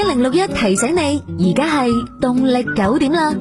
一零六一提醒你，而家係動力九點啦。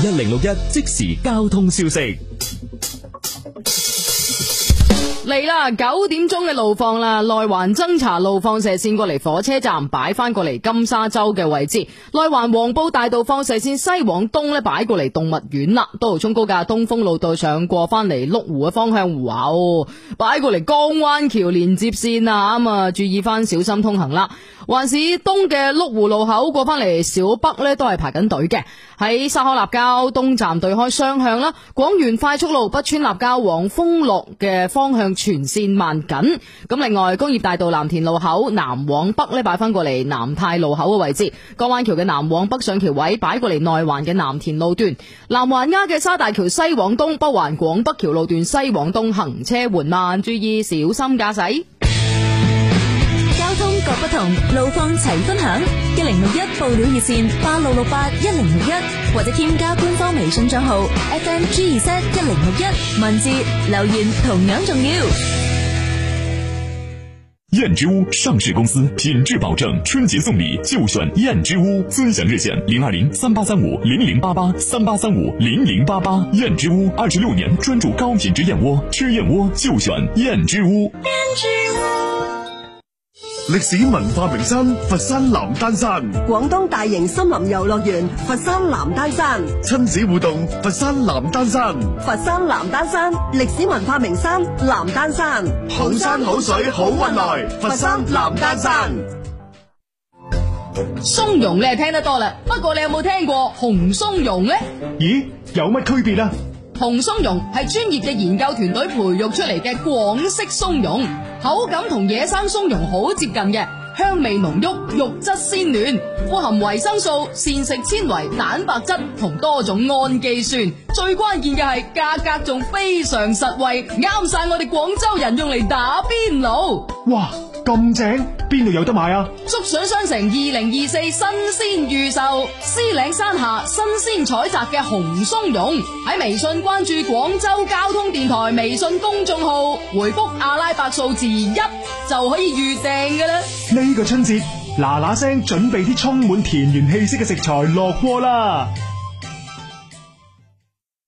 一零六一即時交通消息。嚟啦，九點鐘嘅路況啦，內環增槎路放射線過嚟，火車站擺翻過嚟金沙洲嘅位置，內環黃埔大道放射線西往東咧擺過嚟動物園啦，東濠涌高架東風路道上過翻嚟麓湖嘅方向，哇哦，擺過嚟江灣橋連接線啊，咁、嗯、啊注意翻，小心通行啦。環市東嘅麓湖路口過翻嚟小北呢，都係排緊隊嘅。喺沙河立交東站對開雙向啦，廣園快速路北村立交往豐樂嘅方向全綫慢緊。咁另外，工業大道南田路口南往北呢，擺翻過嚟南泰路口嘅位置，江灣橋嘅南往北上橋位擺過嚟內環嘅南田路段，南環丫髻沙大橋西往東，北環廣北橋路段西往東行車緩慢，注意小心駕駛。各不同路況齊分享，一零六一報料熱線八六六八一零六一，8 8, 61, 或者添加官方微信賬號 F M G 二一零六一，文字留言同樣重要。燕之屋上市公司，品質保證，春節送禮就選燕之屋，尊享熱線零二零三八三五零零八八三八三五零零八八。88, 88, 燕之屋二十六年專注高品質燕窩，吃燕窩就選燕之屋。燕之屋歷史文化名山佛山南丹山，廣東大型森林遊樂園佛山南丹山，親子互動佛山南丹山，佛山南丹山歷史文化名山南丹山，好山好水好運來，佛山南丹山。松茸你係聽得多啦，不過你有冇聽過紅松茸呢？咦，有乜區別呢？紅松茸係專業嘅研究團隊培育出嚟嘅廣式松茸，口感同野生松茸好接近嘅，香味濃郁，肉質鮮嫩，富含維生素、膳食纖維、蛋白質同多種氨基酸，最關鍵嘅係價格仲非常實惠，啱晒我哋廣州人用嚟打邊爐。哇，咁正，邊度有得買啊？竹筍商城二零二四新鮮預售，獅嶺山下新鮮採摘嘅紅松茸，喺微信關注廣州交通電台微信公眾號，回覆阿拉伯數字一就可以預訂噶啦。呢個春節，嗱嗱聲準備啲充滿田園氣息嘅食材落鍋啦！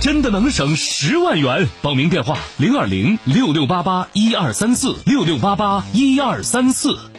真的能省十萬元！報名電話：零二零六六八八一二三四六六八八一二三四。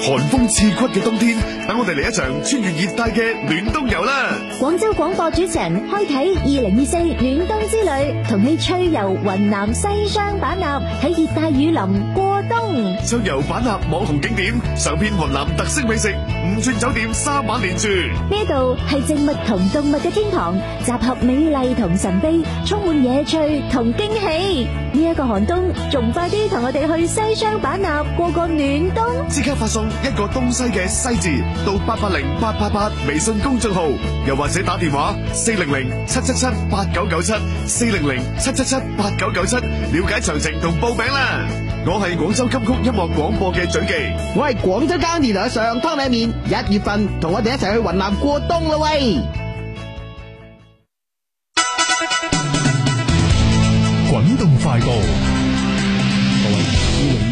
寒風刺骨嘅冬天，等我哋嚟一場穿越熱帶嘅暖冬遊啦！廣州廣播主持人開啟二零二四暖冬之旅，同你趣遊雲南西雙版納，喺熱帶雨林過冬，暢遊版納網紅景點，嘗遍雲南特色美食，五鑽酒店三晚連住。呢度係植物同動物嘅天堂，集合美麗同神秘，充滿野趣同驚喜。呢、這、一個寒冬，仲快啲同我哋去西雙版納過個暖冬！即刻發送。一個東西嘅西字，到八八零八八八微信公眾號，又或者打電話四零零七七七八九九七，四零零七七七八九九七，了解詳情同報名啦。我係廣州金曲音樂廣播嘅嘴記，我係廣州嘉年華上湯米麵，一月份同我哋一齊去雲南過冬啦喂！滾動快報。二零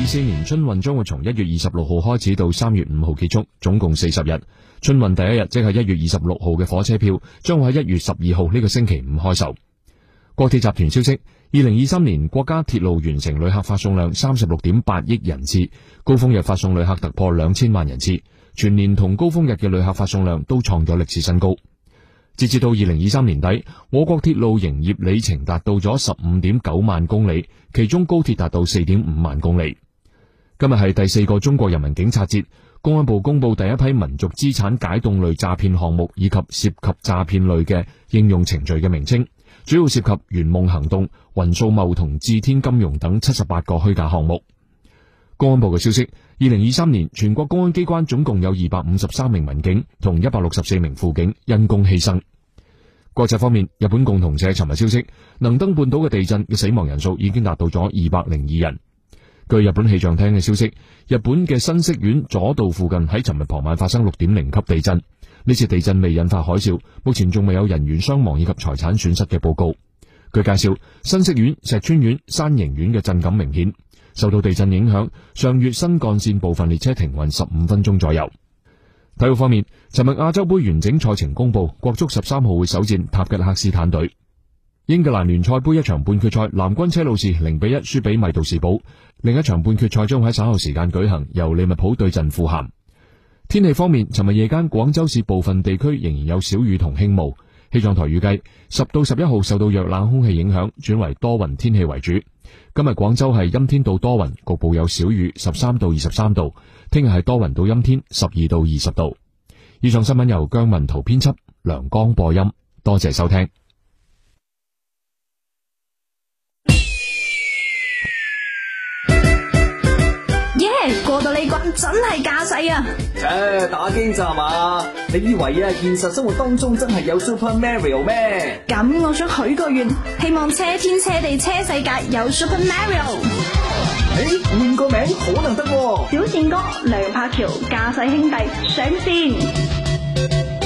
二四年春運將會從一月二十六號開始，到三月五號結束，總共四十日。春運第一日即係一月二十六號嘅火車票，將會喺一月十二號呢個星期五開售。國鐵集團消息，二零二三年國家鐵路完成旅客發送量三十六點八億人次，高峰日發送旅客突破兩千萬人次，全年同高峰日嘅旅客發送量都創咗歷史新高。截至到二零二三年底，我國鐵路營業里程達到咗十五點九萬公里，其中高鐵達到四點五萬公里。今日係第四個中國人民警察節，公安部公布第一批民族資產解凍類詐騙項目以及涉及詐騙類嘅應用程序嘅名稱，主要涉及圓夢行動、雲數貿同智天金融等七十八個虛假項目。公安部嘅消息。二零二三年，全國公安機關總共有二百五十三名民警同一百六十四名輔警因公犧牲。國際方面，日本共同社尋日消息，能登半島嘅地震嘅死亡人數已經達到咗二百零二人。據日本氣象廳嘅消息，日本嘅新潟縣佐渡附近喺尋日傍晚發生六點零級地震，呢次地震未引發海嘯，目前仲未有人員傷亡以及財產損失嘅報告。據介紹，新潟縣、石川縣、山形縣嘅震感明顯。受到地震影響，上月新幹線部分列車停運十五分鐘左右。體育方面，尋日亞洲杯完整賽程公布，國足十三號會首戰塔吉克斯坦隊。英格蘭聯賽杯一場半決賽，藍軍車路士零比一輸俾米杜士堡。另一場半決賽將喺稍後時間舉行，由利物浦對陣富咸。天氣方面，尋日夜間廣州市部分地區仍然有小雨同輕霧。氣象台預計十到十一號受到弱冷空氣影響，轉為多雲天氣為主。今日廣州係陰天到多雲，局部有小雨，十三到二十三度。聽日係多雲到陰天，十二到二十度。以上新聞由姜文圖編輯，梁江播音。多謝收聽。我哋呢關真係駕駛啊！切，打機咋嘛？你以為啊，現實生活當中真係有 Super Mario 咩？咁我想許個願，希望車天車地車世界有 Super Mario。誒，換個名可能得。小賤哥梁柏橋駕駛兄弟上線。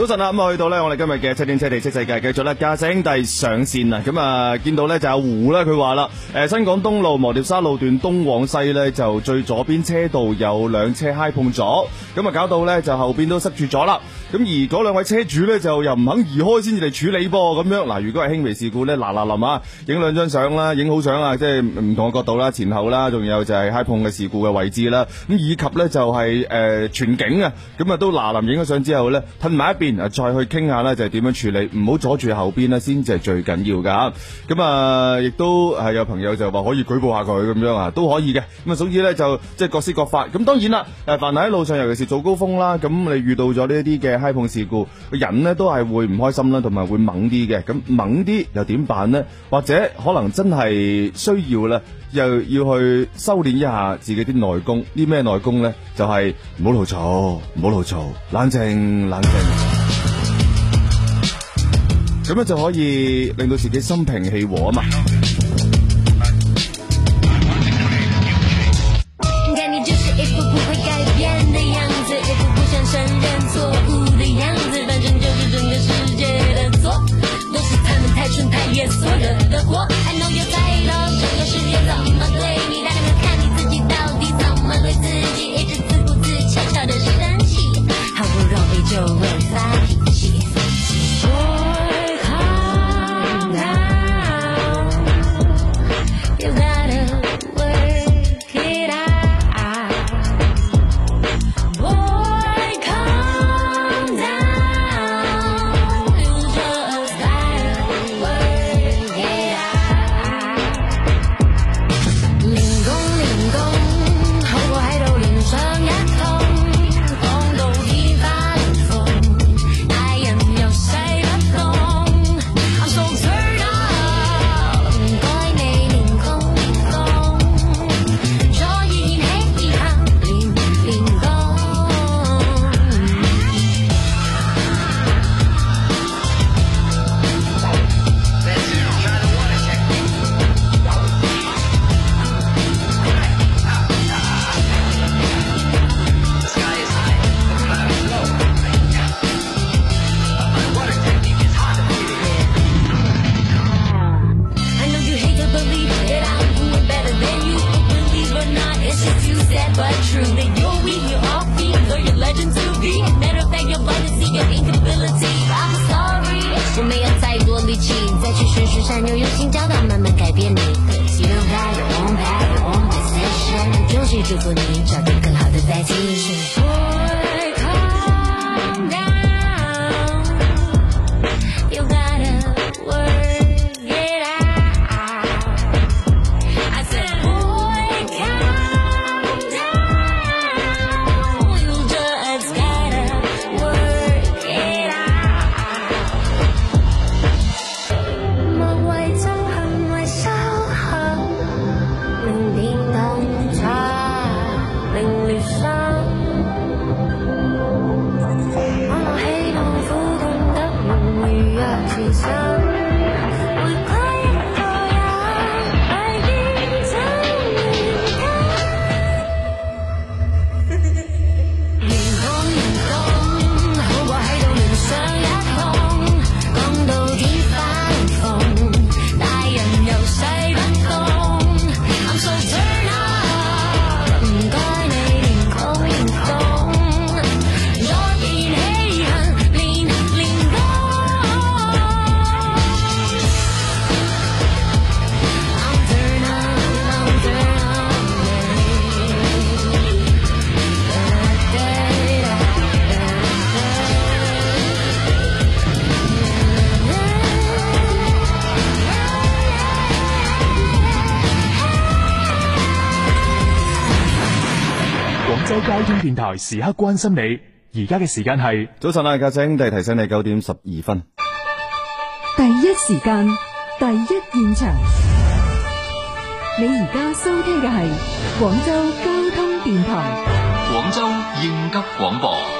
早晨啊，咁啊去到咧，我哋今日嘅車天車地車世界繼續咧，駕駛兄弟上線啊！咁啊，見到咧就阿胡咧，佢話啦，誒，新港東路磨碟沙路段東往西咧，就最左邊車道有兩車嗨碰咗，咁啊搞到咧就後邊都塞住咗啦。咁而嗰兩位車主咧就又唔肯移開，先至嚟處理噃。咁樣嗱，如果係輕微事故咧，嗱嗱臨啊，影兩張相啦，影好相啊，即係唔同嘅角度啦，前後啦，仲有就係嗨碰嘅事故嘅位置啦，咁以及咧就係、是、誒、呃、全景啊，咁啊都嗱臨影咗相之後咧，褪埋一邊。啊，再去傾下啦，就係點樣處理，唔好阻住後邊咧，先至係最緊要噶吓。咁啊，亦都係有朋友就話可以舉報下佢咁樣啊，都可以嘅。咁啊，總之咧就即係各施各法。咁當然啦，誒，凡係喺路上，尤其是早高峰啦，咁你遇到咗呢一啲嘅 hi 碰事故，人咧都係會唔開心啦，同埋會猛啲嘅。咁猛啲又點辦咧？或者可能真係需要咧，又要去修煉一下自己啲內功。啲咩內功咧？就係唔好勞嘈，唔好勞嘈，冷靜，冷靜。咁樣就可以令到自己心平氣和啊嘛。更好的在一起。交通電台時刻關心你，而家嘅時間係早晨啊，駕駛兄弟提醒你九點十二分。第一時間，第一現場，你而家收聽嘅係廣州交通電台，廣州應急廣播。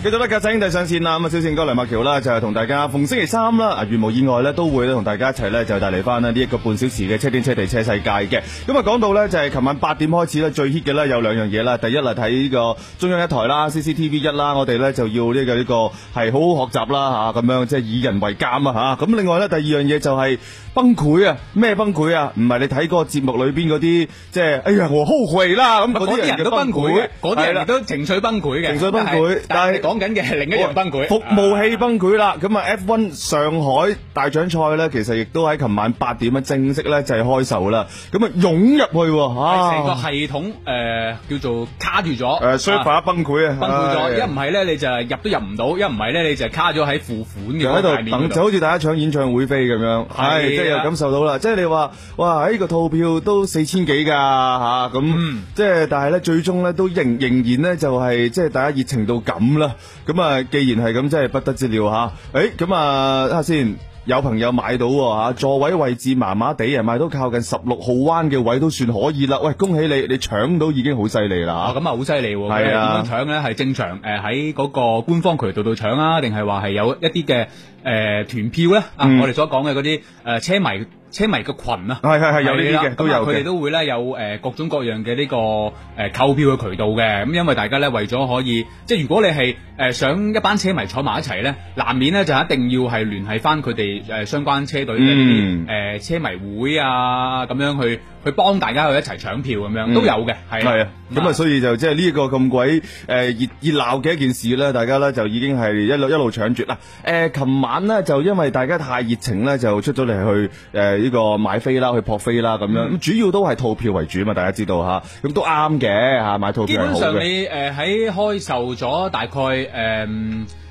繼續呢，駕駛兄弟上線啦！咁啊，小倩哥梁馬橋啦，就係同大家逢星期三啦，啊，如無意外咧，都會同大家一齊咧，就帶嚟翻呢一個半小時嘅車天車地車世界嘅。咁啊，講到咧就係、是、琴晚八點開始咧，最 hit 嘅咧有兩樣嘢啦。第一啦，睇呢個中央一台啦，CCTV 一啦，我哋咧就要呢、這個呢、這個係好好學習啦吓，咁、啊、樣即係、就是、以人為鑑啊吓。咁另外咧，第二樣嘢就係崩潰啊！咩崩潰啊？唔係你睇嗰個節目裏邊嗰啲，即、就、係、是、哎呀我好後悔啦咁。嗰啲人，人都崩潰，嗰啲人都情緒崩潰嘅，情緒崩潰。但係。講緊嘅係另一樣崩潰，服務器崩潰啦。咁啊，F1 上海大獎賽咧，其實亦都喺琴晚八點啊正式咧就係開售啦。咁啊，湧入去，係成個系統誒叫做卡住咗。誒，server 崩潰啊，崩潰咗。一唔係咧，你就入都入唔到；一唔係咧，你就卡咗喺付款嘅。就喺度等，就好似大家搶演唱會飛咁樣，係即係又感受到啦。即係你話哇，呢個套票都四千幾噶吓，咁即係但係咧，最終咧都仍仍然咧就係即係大家熱情到咁啦。咁啊，既然係咁，真係不得之了吓。誒，咁啊，睇下先，有朋友買到吓，座位位置麻麻地，人買到靠近十六號彎嘅位都算可以啦。喂，恭喜你，你搶到已經好犀利啦。啊，咁啊，好犀利。係啊，搶咧係正常。誒，喺嗰個官方渠道度搶啊，定係話係有一啲嘅誒團票咧？啊，我哋所講嘅嗰啲誒車迷。車迷嘅群啊，係係係有呢啲嘅，嗯、都有佢哋都會咧有誒、呃、各種各樣嘅呢、呢個誒購、呃、票嘅渠道嘅，咁因為大家咧為咗可以，即係如果你係誒、呃、想一班車迷坐埋一齊咧，難免咧就一定要係聯繫翻佢哋誒相關車隊入面誒車迷會啊咁樣去。去幫大家去一齊搶票咁樣都有嘅，係啊，咁啊，所以就即係呢個咁鬼誒熱熱鬧嘅一件事咧，大家咧就已經係一路一路搶住啦。誒、呃，琴晚咧就因為大家太熱情咧，就出咗嚟去誒呢、呃這個買飛啦，去撲飛啦咁樣。咁、嗯、主要都係套票為主嘛，大家知道吓，咁都啱嘅吓，買套票最好嘅。基本上你誒喺、呃、開售咗大概誒、呃，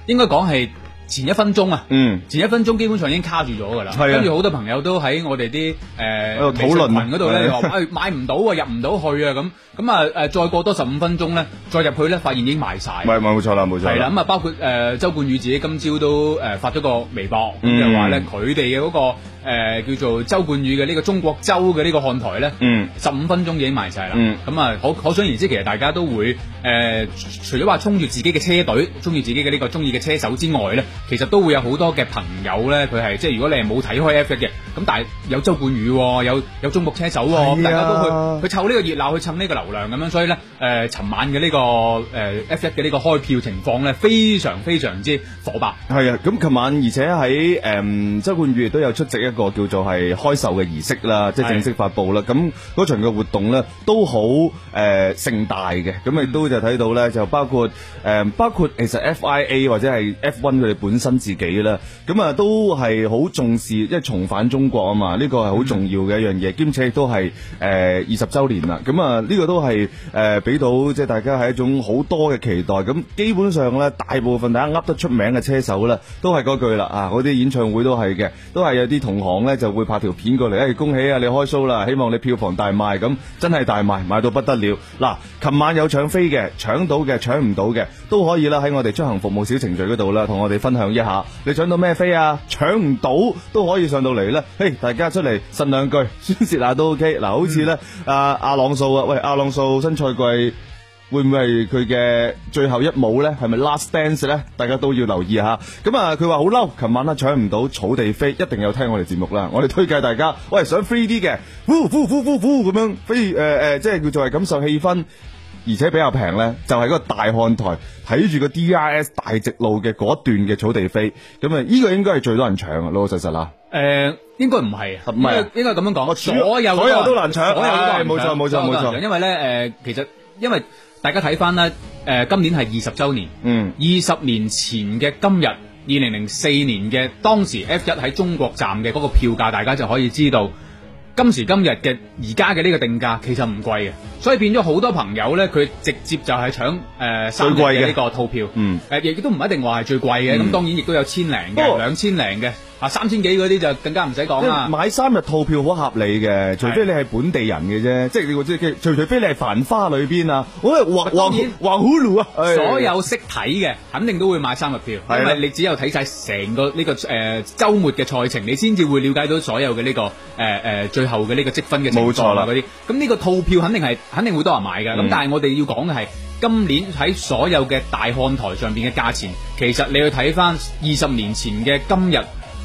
應該講係。前一分鐘啊，嗯、前一分鐘基本上已經卡住咗㗎啦，跟住好多朋友都喺我哋啲誒討論羣嗰度咧，買 買唔到啊，入唔到去啊，咁咁啊誒再過多十五分鐘咧，再入去咧，發現已經賣晒。唔係唔係冇錯啦，冇錯，係啦，咁啊包括、呃、周冠宇自己今朝都誒、呃、發咗個微博，咁、嗯、就話咧佢哋嘅嗰個。誒、呃、叫做周冠宇嘅呢個中國周嘅呢個看台咧，十五、嗯、分鐘已經埋晒啦。咁啊、嗯，可可想而知，其實大家都會誒、呃，除咗話衝住自己嘅車隊，中意自己嘅呢、這個中意嘅車手之外咧，其實都會有好多嘅朋友咧，佢係即係如果你係冇睇開 F1 嘅，咁但係有周冠宇、哦，有有中國車手、哦、啊、大家都去去湊呢個熱鬧去趁呢個流量咁樣。所以咧誒，尋、呃、晚嘅呢、這個誒、呃、F1 嘅呢個開票情況咧，非常非常之火爆。係啊，咁尋晚而且喺誒、呃、周冠宇亦都有出席啊。個叫做係開售嘅儀式啦，即、就、係、是、正式發佈啦。咁是的 嗰場嘅活動咧，都好誒盛大嘅。咁亦都就睇到咧，就包括誒、呃，包括其實 FIA 或者係 F1 佢哋本身自己啦。咁啊，都係好重視，即係重返中國啊嘛。呢、這個係好重要嘅一樣嘢，兼、嗯、且亦都係誒二十周年啦。咁啊，呢個都係誒俾到即係大家係一種好多嘅期待。咁基本上咧，大部分大家噏得出名嘅車手啦，都係嗰句啦啊，嗰啲演唱會都係嘅，都係有啲同學。房咧就會拍條片過嚟，誒、哎、恭喜啊你開 show 啦，希望你票房大賣咁，真係大賣買到不得了。嗱，琴晚有搶飛嘅，搶到嘅，搶唔到嘅都可以啦，喺我哋出行服務小程序嗰度啦，同我哋分享一下。你搶到咩飛啊？搶唔到都可以上到嚟咧。嘿，大家出嚟呻兩句，宣泄下都 OK。嗱，好似咧阿阿朗素啊，喂，阿朗素，朗素新賽季。會唔會係佢嘅最後一舞咧？係咪 last dance 咧？大家都要留意吓。咁啊，佢話好嬲，琴晚啦搶唔到草地飛，一定有聽我哋節目啦。我哋推介大家，喂，想 free 啲嘅，呼呼呼呼呼咁樣飛，誒、呃、誒，即係叫做係感受氣氛，而且比較平咧，就係、是、嗰個大看台睇住個 DRS 大直路嘅嗰段嘅草地飛。咁啊，呢個應該係最多人搶啊，老老實實啦。誒、呃，應該唔係，唔係該，是應該咁樣講。所有所有,所有都難搶，係冇錯冇錯冇錯。因為咧，誒，其實因為。大家睇翻咧，誒今年係二十週年，嗯，二十年前嘅今日，二零零四年嘅當時 F 一喺中國站嘅嗰個票價，大家就可以知道今時今日嘅而家嘅呢個定價其實唔貴嘅，所以變咗好多朋友呢，佢直接就係搶誒三季嘅呢個套票，嗯，誒亦都唔一定話係最貴嘅，咁、嗯、當然亦都有千零嘅、兩千零嘅。啊！三千幾嗰啲就更加唔使講啦。買三日套票好合理嘅，除非你係本地人嘅啫，即係你即係除除非你係繁花裏邊啊。我黃黃虎爐啊，然 ulu, 所有識睇嘅肯定都會買三日票，係是的 你只有睇晒成個呢、這個誒周、呃、末嘅賽程，你先至會了解到所有嘅呢、這個誒誒、呃、最後嘅呢個積分嘅情況啊。冇錯啦。嗰啲咁呢個套票肯定係肯定會多人買嘅。咁、嗯、但係我哋要講嘅係今年喺所有嘅大看台上邊嘅價錢，其實你去睇翻二十年前嘅今日。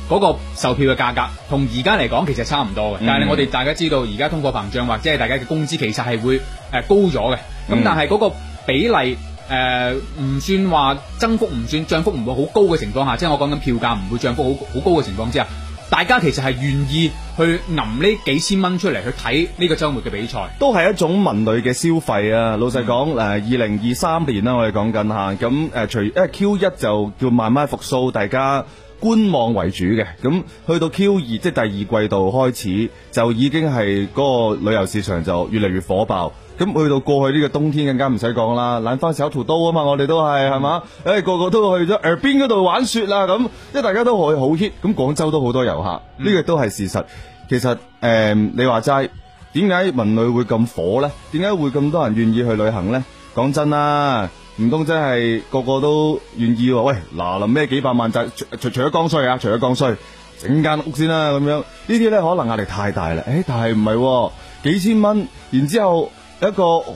嗰個售票嘅價格同而家嚟講其實差唔多嘅，嗯、但係我哋大家知道而家通貨膨脹或者係大家嘅工資其實係會誒、呃、高咗嘅，咁、嗯、但係嗰個比例誒唔、呃、算話增幅唔算漲幅唔會好高嘅情況下，即、就、係、是、我講緊票價唔會漲幅好好高嘅情況之下，大家其實係願意去揞呢幾千蚊出嚟去睇呢個週末嘅比賽，都係一種文類嘅消費啊！老實講誒，二零二三年啦，我哋講緊吓，咁誒、呃呃、Q 一就叫慢慢復蘇，大家。觀望為主嘅，咁去到 Q2，即係第二季度開始就已經係嗰個旅遊市場就越嚟越火爆。咁去到過去呢個冬天更加唔使講啦，冷翻手屠刀啊嘛，我哋都係係嘛，誒、嗯哎，個個都去咗邊嗰度玩雪啦，咁即係大家都可以好 hit，咁廣州都好多遊客，呢個都係事實。其實誒、呃，你話齋，點解文旅會咁火呢？點解會咁多人願意去旅行呢？講真啦。唔通真係個個都願意喎？喂，嗱，臨咩幾百萬就除除除咗剛需啊，除咗剛需，整間屋先啦，咁樣呢啲咧可能壓力太大啦。誒，但係唔係，幾千蚊，然之後一個好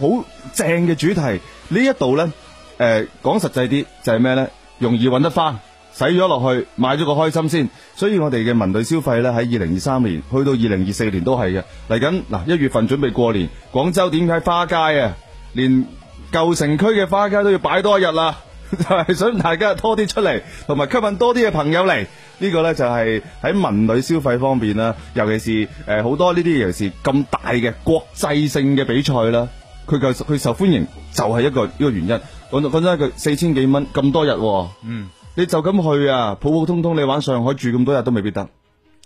正嘅主題呢一度咧，誒，講實際啲就係咩咧？容易揾得翻，使咗落去買咗個開心先。所以我哋嘅文旅消費咧喺二零二三年去到二零二四年都係嘅。嚟緊嗱，一月份準備過年，廣州點解花街啊？連舊城區嘅花街都要擺多一日啦，就 係想大家拖啲出嚟，同埋吸引多啲嘅朋友嚟。呢、呢個呢，就係喺文旅消費方面啦，尤其是誒好、呃、多呢啲，尤其是咁大嘅國際性嘅比賽啦，佢就佢受歡迎就係一個呢個原因。講真講真四千幾蚊咁多日，多啊、嗯，你就咁去啊？普普通通你玩上海住咁多日都未必得，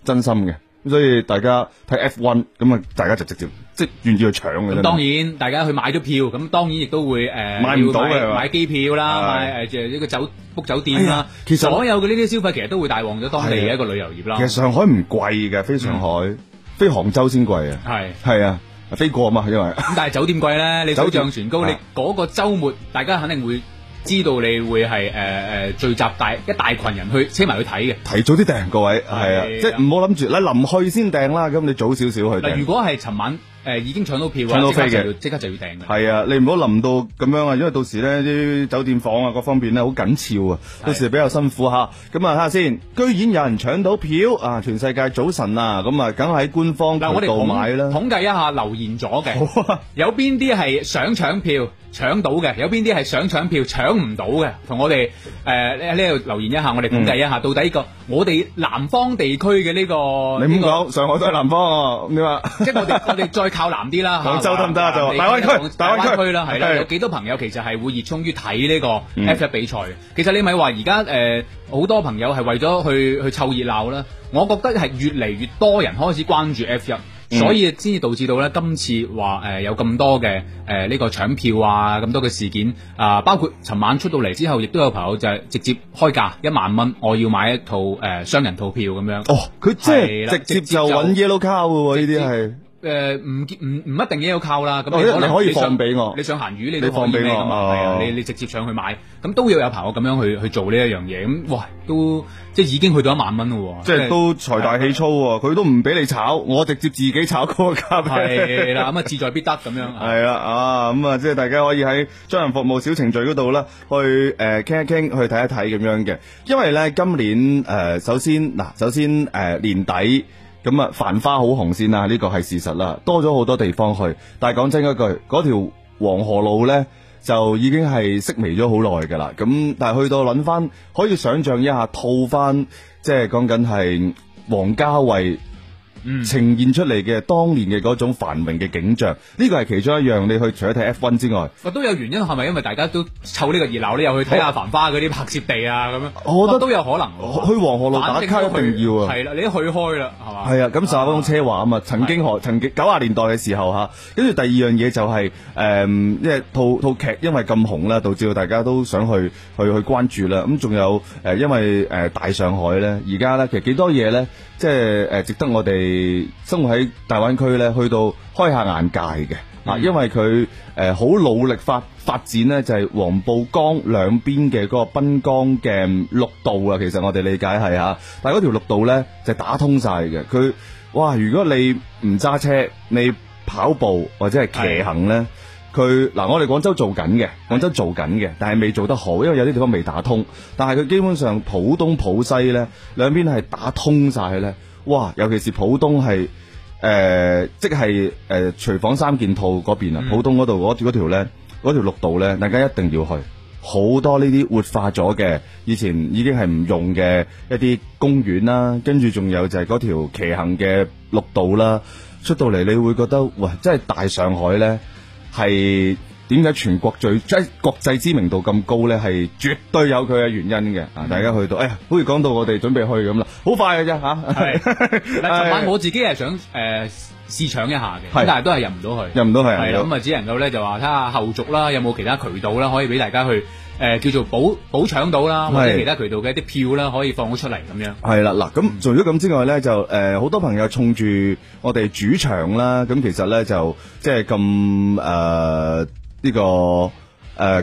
真心嘅。咁所以大家睇 F1，咁啊大家就直接即係願意去搶嘅。咁當然，大家去買咗票，咁當然亦都會誒買唔到嘅，買機票啦，買誒即係一個酒 book 酒店啦。其實所有嘅呢啲消費，其實都會帶旺咗當地嘅一個旅遊業啦。其實上海唔貴嘅，飛上海，飛杭州先貴啊。係係啊，飛過啊嘛，因為咁但係酒店貴咧，你水漲船高，你嗰個週末大家肯定會。知道你會係誒誒聚集大一大群人去車埋去睇嘅，提早啲訂。各位係啊，即係唔好諗住你臨去先訂啦，咁你早少少去。嗱，呃，如果係尋晚。誒，已經搶到票，搶到票，即刻就要，即刻就要訂。係啊，你唔好臨到咁樣啊，因為到時呢啲酒店房啊，各方面呢好緊俏啊，到時比較辛苦吓。咁啊，睇下先，居然有人搶到票啊！全世界早晨啊，咁啊，梗係喺官方渠道買啦。統計一下留言咗嘅，有邊啲係想搶票搶到嘅，有邊啲係想搶票搶唔到嘅？同我哋誒喺呢度留言一下，我哋統計一下到底個我哋南方地區嘅呢個。你唔好講上海都係南方，你話？即係我哋，我哋再。靠南啲啦，廣州得唔得啊？就大灣區，大灣區啦，係啦 OK。有幾多朋友其實係會熱衷於睇呢個 F 一比賽？嗯、其實你咪話而家誒，好、呃、多朋友係為咗去去湊熱鬧啦。我覺得係越嚟越多人開始關注 F 一、嗯，所以先至導致到咧今次話誒、呃、有咁多嘅誒呢個搶票啊咁多嘅事件啊、呃，包括尋晚出到嚟之後，亦都有朋友就係直接開價一萬蚊，我要買一套誒雙、呃、人套票咁樣。哦，佢即係直接就揾 Yellow Car 噶喎，呢啲係。誒，唔唔唔，一定嘢要靠啦。咁，我你可以放俾我。你上閒魚，你，你放俾我。係嘛啊，啊，你你直接上去買，咁都要有朋友咁樣去去做呢一樣嘢。咁，哇，都即係已經去到一萬蚊咯。即係是是都財大氣粗喎、啊。佢的都唔俾你炒，我直接自己炒個價賣俾你。係啦的，咁啊、 嗯，志在必得咁樣。係啦的，啊，咁啊，即係大家可以喺專人服務小程序嗰度啦，去誒傾一傾，去睇一睇咁樣嘅。因為咧，今年誒、呃，首先嗱、呃，首先誒、呃，年底。咁啊，繁花好紅先啦，呢個係事實啦，多咗好多地方去。但係講真一句，嗰條黃河路呢，就已經係式微咗好耐噶啦。咁但係去到諗翻，可以想象一下，套翻即係講緊係王家衛。呈現出嚟嘅當年嘅嗰種繁榮嘅景象，呢個係其中一樣。你去除咗睇 F1 之外，都有原因，係咪因為大家都湊呢個熱鬧，你又去睇下我繁花嗰啲拍攝地啊？咁樣，我覺得都有可能。去黃河路打卡一定要啊。係啦，你去開啦，係嘛？係啊，感受嗰種奢華啊嘛！曾經何，曾經九十年代嘅時候吓，跟住第二樣嘢就係、是、誒，即、嗯、係套套劇，因為咁紅啦，導致到大家都想去去去關注啦。咁仲有誒、呃，因為誒、呃、大上海咧，而家咧其實幾多嘢咧，即係誒、呃、值得我哋。誒，生活喺大灣區呢，去到開下眼界嘅啊。嗯、因為佢誒好努力發發展呢，就係、是、黃浦江兩邊嘅嗰個濱江嘅綠道啊。其實我哋理解係吓，但係嗰條綠道呢，就是、打通晒嘅。佢哇，如果你唔揸車，你跑步或者係騎行呢，佢嗱是的，我哋廣州做緊嘅，廣州做緊嘅，是的 但係未做得好，因為有啲地方未打通。但係佢基本上浦東、浦西呢兩邊係打通晒呢。哇，尤其是浦東係，誒、呃，即係誒，廚、呃、房三件套嗰邊啊，嗯、浦東嗰度嗰條嗰條咧，嗰條綠道咧，大家一定要去，好多呢啲活化咗嘅，以前已經係唔用嘅一啲公園啦，跟住仲有就係嗰條騎行嘅綠道啦，出到嚟你會覺得，哇，真係大上海咧，係。點解全國最即係國際知名度咁高咧？係絕對有佢嘅原因嘅。啊，大家去到，哎呀，好似講到我哋準備去咁啦，好快嘅啫嚇。係、啊，嗱，昨晚我自己係想誒、呃、試搶一下嘅，是但係都係入唔到去。入唔到去啊，係咁啊，就只能夠咧就話睇下後續啦，有冇其他渠道啦，可以俾大家去、呃、叫做補補搶到啦，或者其他渠道嘅一啲票啦，可以放咗出嚟咁是樣。係啦，嗱，咁除咗咁之外咧，就好、呃、多朋友衝住我哋主場啦，咁其實咧就即係咁誒。呃呢、這個誒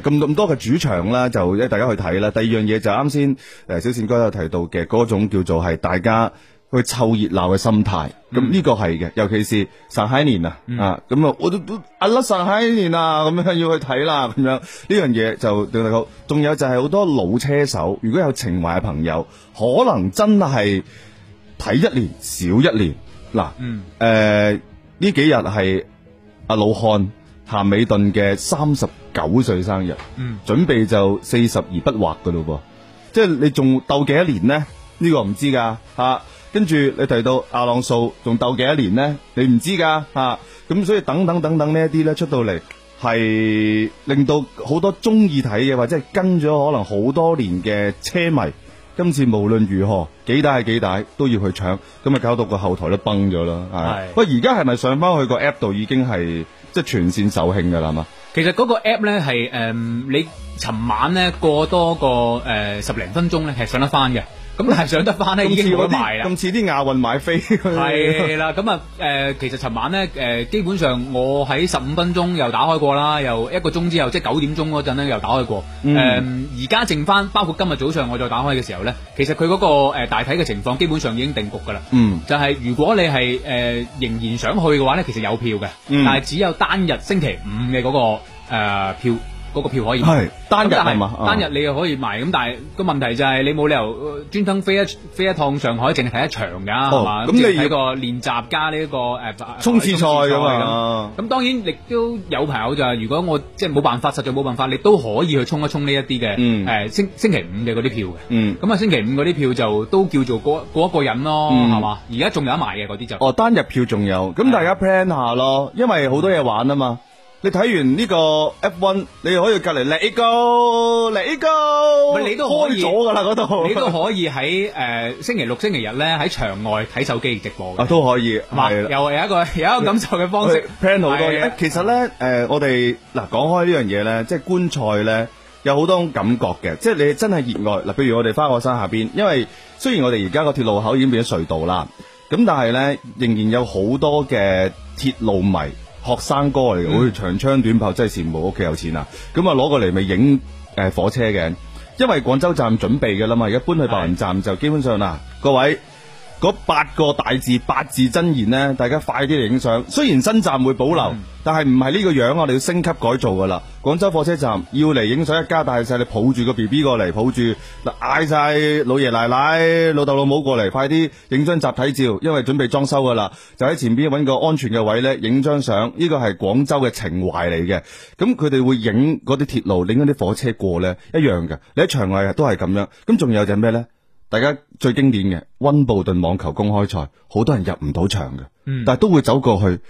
咁咁多嘅主場啦，就一大家去睇啦。第二樣嘢就啱先、呃、小倩哥有提到嘅嗰種叫做係大家去湊熱鬧嘅心態，咁呢、嗯、個係嘅。尤其是上海年、嗯、啊，啊咁啊，我都都阿拉上海年啊，咁樣要去睇啦，咁樣呢樣嘢就對大家好。仲有就係、是、好多老車手，如果有情懷嘅朋友，可能真係睇一年少一年嗱。誒呢、嗯呃、幾日係阿老漢。咸美頓嘅三十九歲生日，嗯、準備就四十而不惑㗎咯喎。即、就、係、是、你仲鬥幾多年呢？呢、呢個唔知噶吓，跟、啊、住你提到阿朗素，仲鬥幾多年呢？你唔知噶吓，咁、啊、所以等等等等呢一啲呢，出到嚟，係令到好多中意睇嘅或者係跟咗可能好多年嘅車迷，今次無論如何幾大係幾大都要去搶，咁咪搞到個後台都崩咗啦。係喂是，而家係咪上翻去個 app 度已經係？即係全線受興㗎啦，係嘛？其實嗰個 app 咧係誒你尋晚咧過多個誒、呃、十零分鐘咧，係上得翻嘅。咁但係上得翻呢，已經攞埋啦。咁似啲亞運買飛。係 啦，咁啊、呃，其實尋晚呢、呃，基本上我喺十五分鐘又打開過啦，又一個鐘之後，即係九點鐘嗰陣呢，又打開過。誒、嗯，而家、呃、剩翻，包括今日早上我再打開嘅時候呢，其實佢嗰、嗰個、呃、大體嘅情況基本上已經定局噶啦。嗯。就係如果你係、呃、仍然想去嘅話呢，其實有票嘅，嗯、但係只有單日星期五嘅嗰、嗰個、呃、票。嗰個票可以係單日嘛？單日你又可以買咁，但係個問題就係你冇理由專登飛一飛一趟上海淨睇一場㗎，係嘛？咁你睇個練習加呢個誒、衝刺賽㗎嘛？咁當然亦都有朋友就係如果我即係冇辦法，實在冇辦法，你都可以去衝一衝呢一啲嘅、誒星星期五嘅嗰啲票嘅。嗯，咁啊星期五嗰啲票就都叫做過一個人咯，係嘛？而家仲有得賣嘅嗰啲就哦單日票仲有，咁大家 plan 下咯，因為好多嘢玩啊嘛。你睇完呢個 F1，你又可以隔籬嚟 -go 嚟 -go，咪你都開咗噶啦嗰度，你都可以喺誒星期六星期日咧，喺場外睇手機直播嘅，啊都可以，係啦，又有一個有一個感受嘅方式，plan 好多嘢。其實咧誒，我哋嗱講開呢樣嘢咧，即係觀賽咧有好多種感覺嘅，即係你真係熱愛嗱，譬如我哋花果山下邊，因為雖然我哋而家嗰條鐵路口已經變咗隧道啦，咁但係咧仍然有好多嘅鐵路迷。學生哥嚟嘅，好似、嗯、長槍短炮真係羨慕，屋企有錢啊！咁啊，攞過嚟咪影誒火車嘅，因為廣州站準備嘅啦嘛，而家搬去白雲站就基本上啦，是的 各位。嗰八個大字，八字真言呢，大家快啲嚟影相。雖然新站會保留，嗯、但係唔係呢個樣，我哋要升級改造噶啦。廣州火車站要嚟影相，一家大細，你抱住個 B B 過嚟，抱住嗱，嗌晒老爺奶奶、老豆老母過嚟，快啲影張集體照，因為準備裝修噶啦。就喺前邊揾個安全嘅位呢，影張相。呢個係廣州嘅情懷嚟嘅。咁佢哋會影嗰啲鐵路，影嗰啲火車過呢一樣嘅。你喺場外都係咁樣。咁仲有就係咩呢？大家最經典嘅溫布頓網球公開賽，好多人入唔到場嘅，嗯、但都會走過去，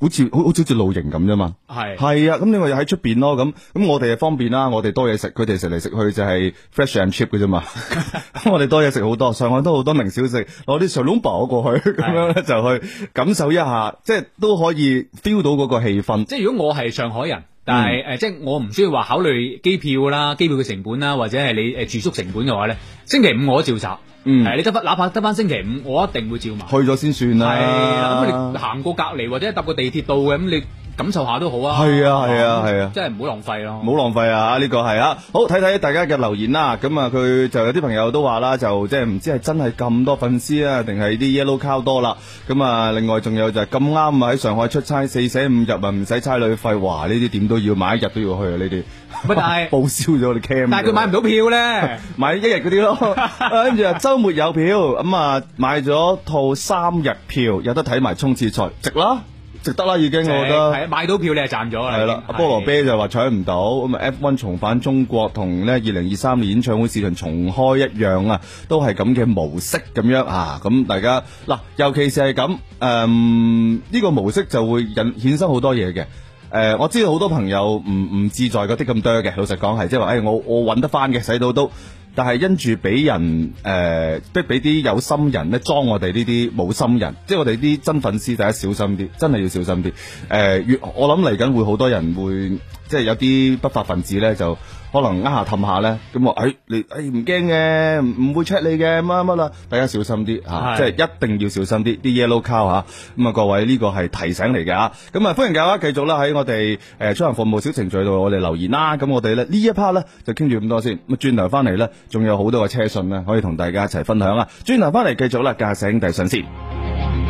好似好好似似露營咁啫嘛。係係啊，咁你咪又喺出面咯。咁咁我哋係方便啦，我哋多嘢食，佢哋食嚟食去就係 fresh and cheap 嘅啫嘛。 我哋多嘢食好多，上海都好多名小食。攞啲小籠包過去咁樣咧，就去感受一下，是的 即係都可以 feel 到嗰個氣氛。即係如果我係上海人。但係誒，嗯、即係我唔需要話考慮機票啦，機票嘅成本啦，或者係你誒住宿成本嘅話咧，星期五我都照集，誒、嗯，你得返，哪怕得返星期五，我一定會照埋去咗先算啦。咁你行過隔離或者搭個地鐵到嘅，咁你。感受下都好啊，係啊，係啊，係啊，即係唔好浪費咯，唔好浪費啊！呢個係啊，好睇睇大家嘅留言啦。咁啊，佢就有啲朋友都話啦，就即係唔知係真係咁多粉絲啊，定係啲 Yellow Cow 多啦。咁啊，另外仲有就係咁啱喺上海出差四捨五入啊，唔使差旅費哇！呢啲點都要買一日都要去啊，呢啲。乜但係報銷咗我哋 Cam？但係佢買唔到票咧，買一日嗰啲咯。跟住啊，周末有票，咁啊買咗套三日票，有得睇埋衝刺賽，值啦。值得啦，已經、就是、我覺得。係啊，買到票你係賺咗啦。係啦，阿菠蘿啤就話搶唔到，咁咪 F1 重返中國同咧二零二三年演唱會市場重開一樣啊，都係咁嘅模式咁樣啊，咁大家嗱、啊，尤其是係咁，誒、嗯、呢、呢個模式就會引衍生好多嘢嘅。誒、呃，我知道好多朋友唔唔自在嗰啲咁多嘅，老實講係，即係話我我揾得翻嘅，使到都。但係因住俾人誒，即係俾啲有心人咧，裝我哋呢啲冇心人，即係我哋啲真粉絲，大家小心啲，真係要小心啲。誒、呃，越我諗嚟緊會好多人會，即係有啲不法分子咧就。可能一下氹下咧，咁啊，哎，你，哎，唔驚嘅，唔會 check 你嘅，乜乜啦，大家小心啲的即係一定要小心啲，啲 yellow cow 吓。咁啊各位呢、呢個係提醒嚟嘅嚇，咁啊，啊歡迎大家繼續啦喺我哋誒、呃、出行服務小程序度我哋留言啦，咁、啊啊、我哋咧呢一 part 咧就傾住咁多先，咁轉頭翻嚟咧仲有好多嘅車訊呢，可以同大家一齊分享啊，轉頭翻嚟繼續啦，駕駛兄弟訊先。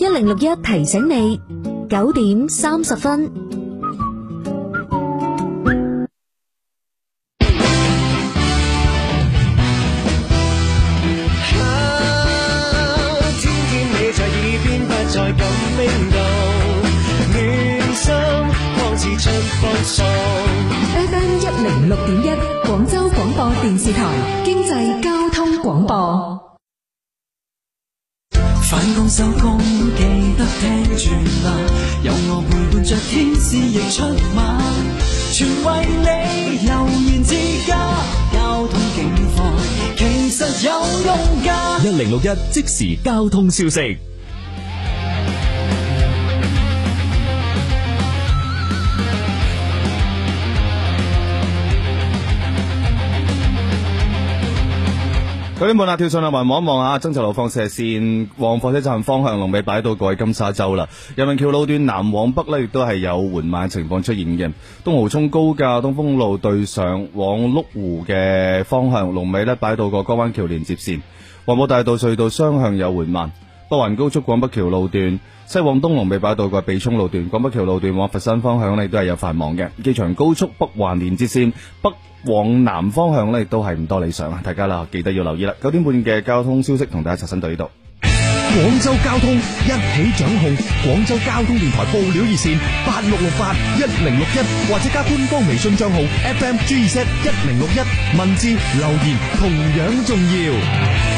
一零六一提醒你，九點三十分。返工收工記得聽住啦，有我陪伴着天使亦出馬，全為你遊園之家。交通警方其實有用㗎。一零六一即時交通消息。九點半啦，跳上啊埋望一望啊。增槎路，放射線往火車站方向龍尾擺到過去金沙洲啦。人民橋路段南往北呢，亦都係有緩慢情況出現嘅。東濠涌高架東風路對上往麓湖嘅方向龍尾呢擺到過江灣橋連接線。黃埔大道隧道雙向有緩慢。北環高速廣北橋路段、西往東龍尾擺道嘅避衝路段、廣北橋路段往佛山方向呢都係有繁忙嘅。機場高速北環連接線北往南方向呢都係唔多理想。大家啦，記得要留意啦。九點半嘅交通消息同大家刷新到呢度。廣州交通一起掌控，廣州交通電台報料熱線八六六八一零六一，8 8 61，或者加官方微信賬號 FM GZ 一零六一，61，文字留言同樣重要。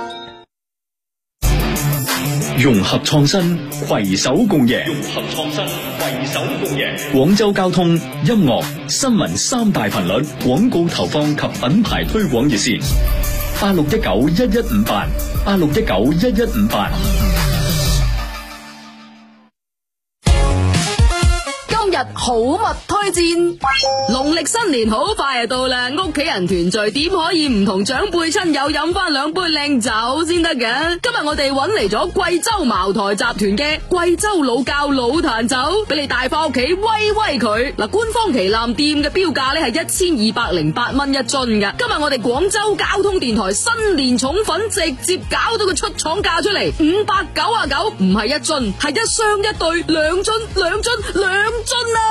融合創新，攜手共贏。融合創新，攜手共贏。廣州交通音樂新聞三大頻率廣告投放及品牌推廣熱線：八六一九一一五八，八六一九一一五八。好物推薦，農曆新年好快就到啦，屋企人團聚，點可以唔同長輩親友飲翻兩杯靚酒先得嘅？今日我哋搵嚟咗貴州茅台集團嘅貴州老窖老壇酒，俾你帶翻屋企威威佢。嗱，官方旗艦店嘅標價呢係一千二百零八蚊一樽噶。今日我哋廣州交通電台新年寵粉，直接搞到個出廠價出嚟，五百九十九，唔係一樽，係一箱一對，兩樽兩樽兩樽啊！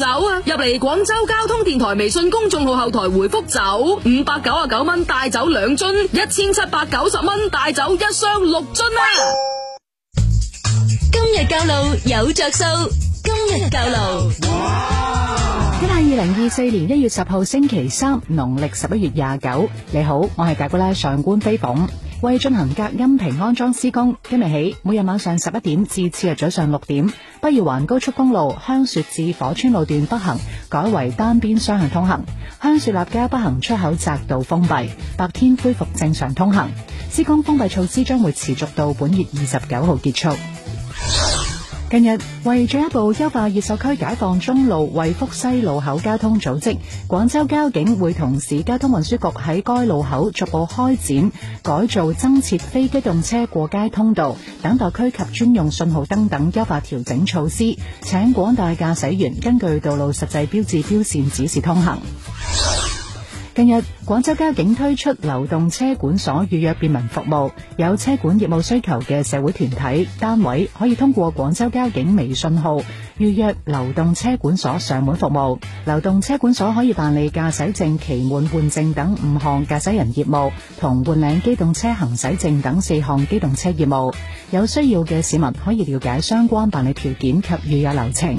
走啊！入嚟廣州交通電台微信公眾號後台回覆走，五百九啊九蚊，帶走兩樽，一千七百九十蚊帶走一箱六樽啊！今日教路有着數，今日教路。哇，睇下今日二零二四年一月十號星期三，農曆十一月廿九。你好，我係大姑啦，上官飛鳳。為進行隔音屏安裝施工，今日起每日晚上十一點至次日早上六點，北二環高速公路香雪至火村路段北行改為單邊雙向通行，香雪立交北行出口匝道封閉，白天恢復正常通行。施工封閉措施將會持續到本月二十九號結束。近日，為進一步優化越秀區解放中路惠福西路口交通組織，廣州交警會同市交通運輸局喺該路口逐步開展改造、增設非機動車過街通道、等待區及專用信號燈等優化調整措施，請廣大駕駛員根據道路實際標誌標線指示通行。近日，廣州交警推出流動車管所預約便民服務，有車管業務需求嘅社會團體、單位可以通過廣州交警微信號預約流動車管所上門服務。流動車管所可以辦理駕駛證期滿換，換證等五項駕駛人業務，同換領機動車行駛證等四項機動車業務。有需要嘅市民可以了解相關辦理條件及預約流程。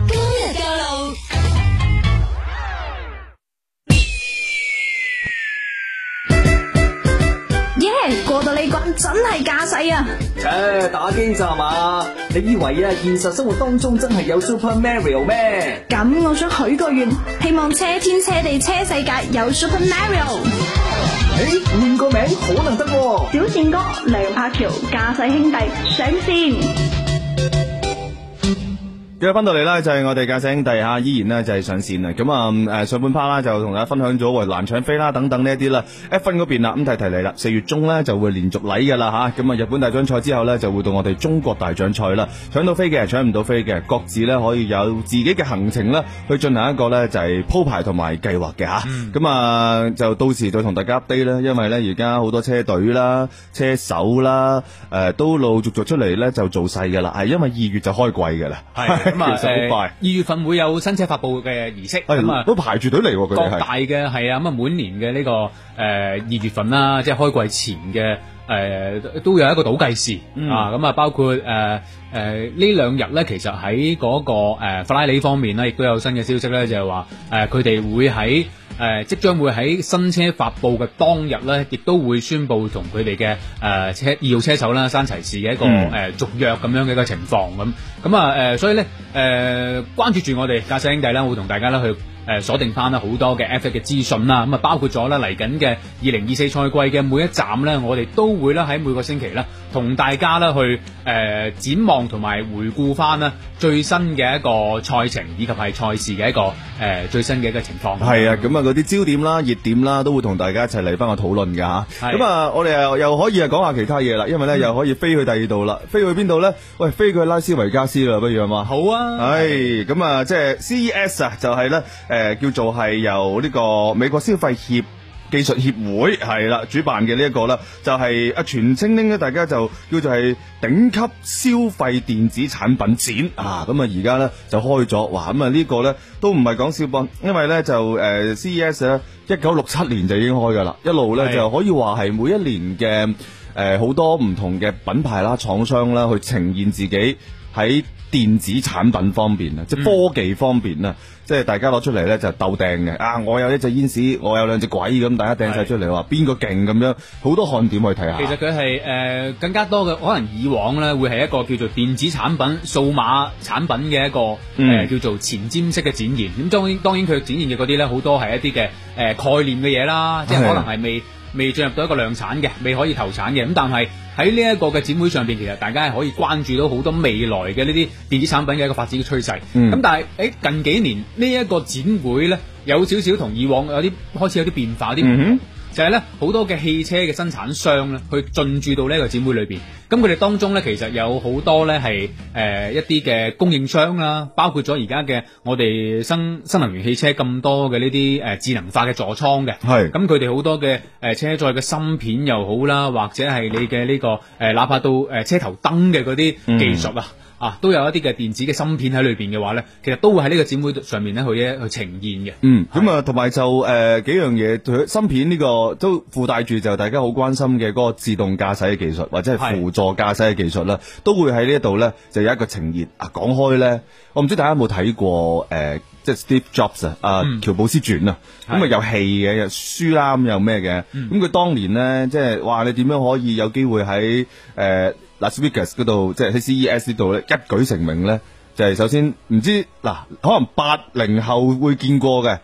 真係駕駛啊！誒，打機咋嘛？你以為啊，現實生活當中真係有 Super Mario 咩？咁我想許個願，希望車天車地車世界有 Super Mario。誒，換個名可能得？小善哥、梁柏橋、駕駛兄弟上線。今日翻到嚟咧，就係、是、我哋嘅仔兄弟嚇，依然呢，就係上線啊！咁、嗯、啊，誒上半 part 啦，就同大家分享咗，為難搶飛啦等等呢一啲啦，F1 嗰邊啦，咁提提你啦。四月中呢，就會連續嚟嘅啦嚇，咁啊日本大獎賽之後呢，就會到我哋中國大獎賽啦，搶到飛嘅人，搶唔到飛嘅，各自呢，可以有自己嘅行程呢，去進行一個呢，就係鋪排同埋計劃嘅嚇。咁啊、嗯、就到時再同大家 update 啦、呃，因為呢，而家好多車隊啦、車手啦、誒都陸陸續續出嚟呢，就做勢嘅啦，係因為二月就開季嘅啦。的 咁啊、嗯，二月份會有新車發布嘅儀式，咁、嗯嗯、啊，都排住隊嚟喎。佢係大嘅，係啊，咁啊、這個，每年嘅呢個誒二月份啦，即係開季前嘅誒、呃，都有一個倒計時啊。咁、嗯、啊，包括誒誒、呃呃、呢兩日咧，其實喺嗰、那個呃、法拉利方面咧，亦都有新嘅消息咧，就係話誒佢哋會喺。誒、呃，即將會喺新車發佈嘅當日咧，亦都會宣布同佢哋嘅誒車二號車手啦，山齊士嘅一個誒、嗯呃、續約咁樣嘅一個情況。咁，咁啊誒，所以咧。誒、呃，關注住我哋駕駛兄弟啦，我會同大家咧去誒鎖、呃、定翻啦好多嘅 F1 嘅資訊啦，咁啊包括咗啦嚟緊嘅二零二四賽季嘅每一站咧，我哋都會咧喺每個星期咧同大家咧去誒、呃、展望同埋回顧翻啦最新嘅一個賽程以及係賽事嘅一個誒、呃、最新嘅一個情況。係啊，咁啊嗰啲焦點啦、熱點啦，都會同大家一齊嚟翻個討論噶吓。咁是啊，啊，我哋又又可以啊講下其他嘢啦，因為咧、嗯、又可以飛去第二度啦，飛去邊度咧？喂，飛去拉斯維加斯啦，不如係嘛好啊。唉，咁啊，即係 CES 啊，就係咧，誒，叫做係由呢個美國消費協技術協會係啦主辦嘅呢一個啦，就係、是、啊，全青拎咧，大家就叫做係頂級消費電子產品展啊，咁啊，而家咧就開咗，哇，咁啊呢個咧都唔係講笑噃，因為咧就誒 CES 咧一九六七年就已經開噶啦，一路咧是的 就可以話係每一年嘅誒好多唔同嘅品牌啦、廠商啦去呈現自己。喺電子產品方面啊，即係科技方面啊，嗯、即係大家攞出嚟咧就鬥掟嘅。啊，我有一隻煙屎，我有兩隻鬼咁，大家掟晒出嚟話邊個勁咁樣，好是多看點去睇下。其實佢係誒更加多嘅，可能以往咧會係一個叫做電子產品、數碼產品嘅一個、嗯呃、叫做前瞻式嘅展現。咁當當然佢展現嘅嗰啲咧，好多係一啲嘅誒概念嘅嘢啦，啊、即係可能係未未進入到一個量產嘅，未可以投產嘅。咁但係。喺呢一個嘅展會上邊，其實大家係可以關注到好多未來嘅呢啲電子產品嘅一個發展嘅趨勢。咁、嗯、但係，誒、欸、近幾年呢一、這個展會咧，有少少同以往有啲開始有啲變化，有啲唔就係咧，好多嘅汽車嘅生產商咧，去進駐到呢個展會裏面。咁佢哋當中咧，其實有好多咧係誒一啲嘅供應商啦、啊，包括咗而家嘅我哋新新能源汽車咁多嘅呢啲誒智能化嘅座艙嘅。係是。咁佢哋好多嘅誒、呃、車載嘅芯片又好啦，或者係你嘅呢、這個誒、呃，哪怕到誒車頭燈嘅嗰啲技術啊。嗯啊，都有一啲嘅電子嘅芯片喺裏面嘅話咧，其實都會喺呢個展會上面咧，去去呈現嘅。嗯，咁啊是，同埋就誒、呃、幾樣嘢，芯片呢、這個都附帶住就大家好關心嘅嗰個自動駕駛嘅技術，或者係輔助駕駛嘅技術啦，是都會喺呢一度咧，就有一個呈現。啊，講開咧，我唔知大家有冇睇過誒，即、呃、係、就是、Steve Jobs 啊，嗯《喬布斯傳》啊，咁啊有戲嘅，有書啦，咁有咩嘅，咁佢、嗯嗯、當年咧，即係話你點樣可以有機會喺誒？呃嗱 speakers 嗰度，即係喺 CES 呢度咧，一舉成名咧，就係、是、首先唔知嗱，可能八零後會見過嘅，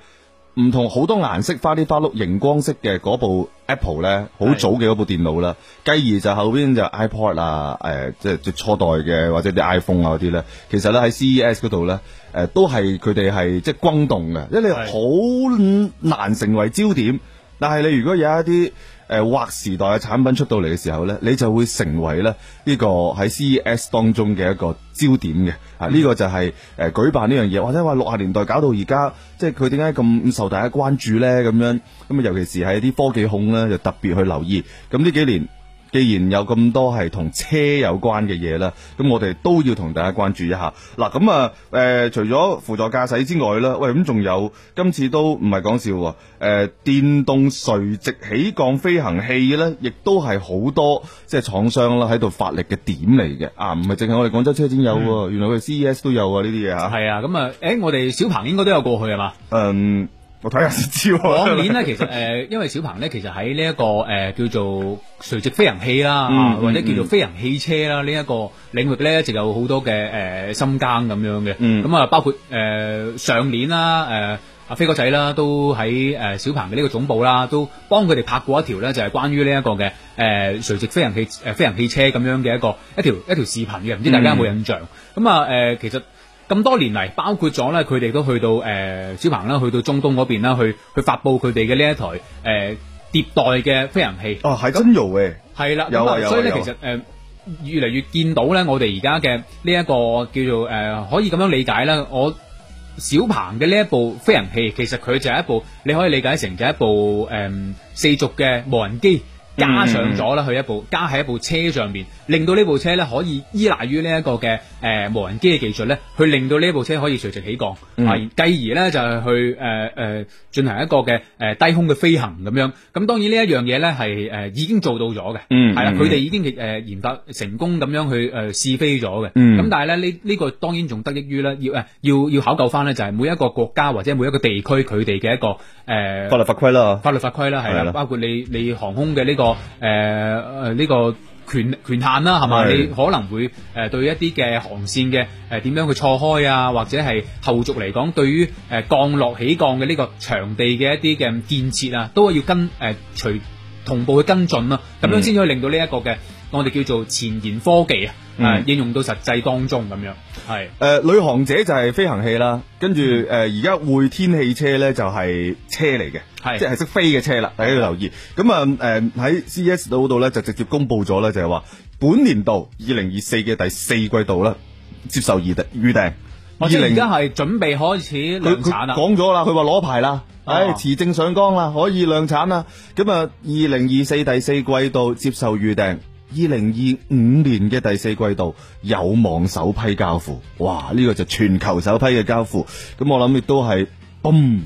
唔同好多顏色花啲花碌熒光色嘅嗰部 Apple 咧，好早嘅嗰部電腦啦。繼的而就後邊就 iPod 啦，誒、呃，即係即初代嘅或者啲 iPhone 啊嗰啲咧，其實咧喺 CES 嗰度咧，誒、呃，都係佢哋係即係轟動嘅，即、就、為、是、你好難成為焦點。的但係你如果有一啲，誒劃時代嘅產品出到嚟嘅時候咧，你就會成為咧呢個喺 CES 當中嘅一個焦點嘅，啊呢、嗯、個就係誒舉辦呢樣嘢，或者話六十年代搞到而家，即係佢點解咁受大家關注咧？咁樣咁啊，尤其是係一啲科技控咧，就特別去留意咁呢幾年。既然有咁多係同車有關嘅嘢啦，咁我哋都要同大家關注一下。嗱，咁啊，誒、呃，除咗輔助駕駛之外呢，喂，咁仲有今次都唔係講笑，誒、呃，電動垂直起降飛行器呢，亦都係好多即係廠商啦喺度發力嘅點嚟嘅啊，唔係淨係我哋廣州車展有，嗯、原來佢 CES 都有啊呢啲嘢吓。係啊，咁啊，誒、欸，我哋小鵬應該都有過去係嘛？嗯。 我睇下先知喎。往年呢，其實誒、呃，因為小鵬呢，其實喺呢一個誒、呃、叫做垂直飛行器啦、嗯啊，或者叫做飛行汽車啦，呢一、嗯、個領域咧，一直有好多嘅誒深耕咁樣嘅。嗯。咁啊、嗯，包括誒、呃、上年啦，誒、呃、阿、啊、飛哥仔啦，都喺誒、呃、小鵬嘅呢個總部啦，都幫佢哋拍過一條呢，就係、是、關於呢、這、一個嘅誒、呃、垂直飛行器誒、呃、飛行汽車咁樣嘅一個一條一條視頻嘅，唔知大家有冇印象？咁啊誒，其實。咁多年嚟，包括咗咧，佢哋都去到誒小鵬啦，去到中東嗰邊啦，去去發佈佢哋嘅呢一台誒迭代嘅飛行器。哦，係真油嘅，係啦。咁啊，所以咧，其實誒越嚟越見到咧，我哋而家嘅呢一個叫做誒，可以咁樣理解啦，我小鵬嘅呢一部飛行器，其實佢就係一部你可以理解成就係一部誒四軸嘅無人機。嗯、加上咗啦，佢一部加喺一部車上面令到呢部車咧可以依賴於呢一個嘅誒、呃、無人機嘅技術咧，去令到呢部車可以垂直起降，係繼、嗯、而咧就係去誒誒進行一個嘅誒、呃、低空嘅飛行，咁樣，咁當然呢一樣嘢咧係誒已經做到咗嘅，係啦、嗯，佢哋已經誒、呃、研發成功，咁樣去誒試、呃、飛咗嘅。咁、嗯、但係咧呢呢、這個當然仲得益於咧，要誒要要考究翻咧，就係每一個國家或者每一個地區佢哋嘅一個誒、呃、法律法規啦，法律法規啦，係啦，包括你你航空嘅呢、這個。誒誒呢個權權限啦、啊，係嘛？是你可能會誒、呃、對一啲嘅航線嘅誒點樣去錯開啊，或者係後續嚟講，對於誒、呃、降落起降嘅呢個場地嘅一啲嘅建設啊，都係要跟誒、呃、隨同步去跟進啦、啊，咁樣先至可以令到呢一個嘅。嗯我哋叫做前沿科技啊，嗯、應用到實際當中咁、嗯、樣。係誒，旅、呃、行者就係飛行器啦，跟住誒而家匯天汽車咧就係車嚟嘅，係是即係識飛嘅車啦。大家要留意。咁啊是，誒喺、呃、CES 嗰度咧就直接公布咗咧，就係話本年度二零二四嘅第四季度啦，接受預訂預訂。二而家係準備開始量產啦。講咗啦，佢話攞牌啦，誒持證上崗啦，可以量產啦。咁啊，二零二四第四季度接受預訂。二零二五年嘅第四季度有望首批交付，哇！呢、這個就是全球首批嘅交付，咁我諗亦都係嘣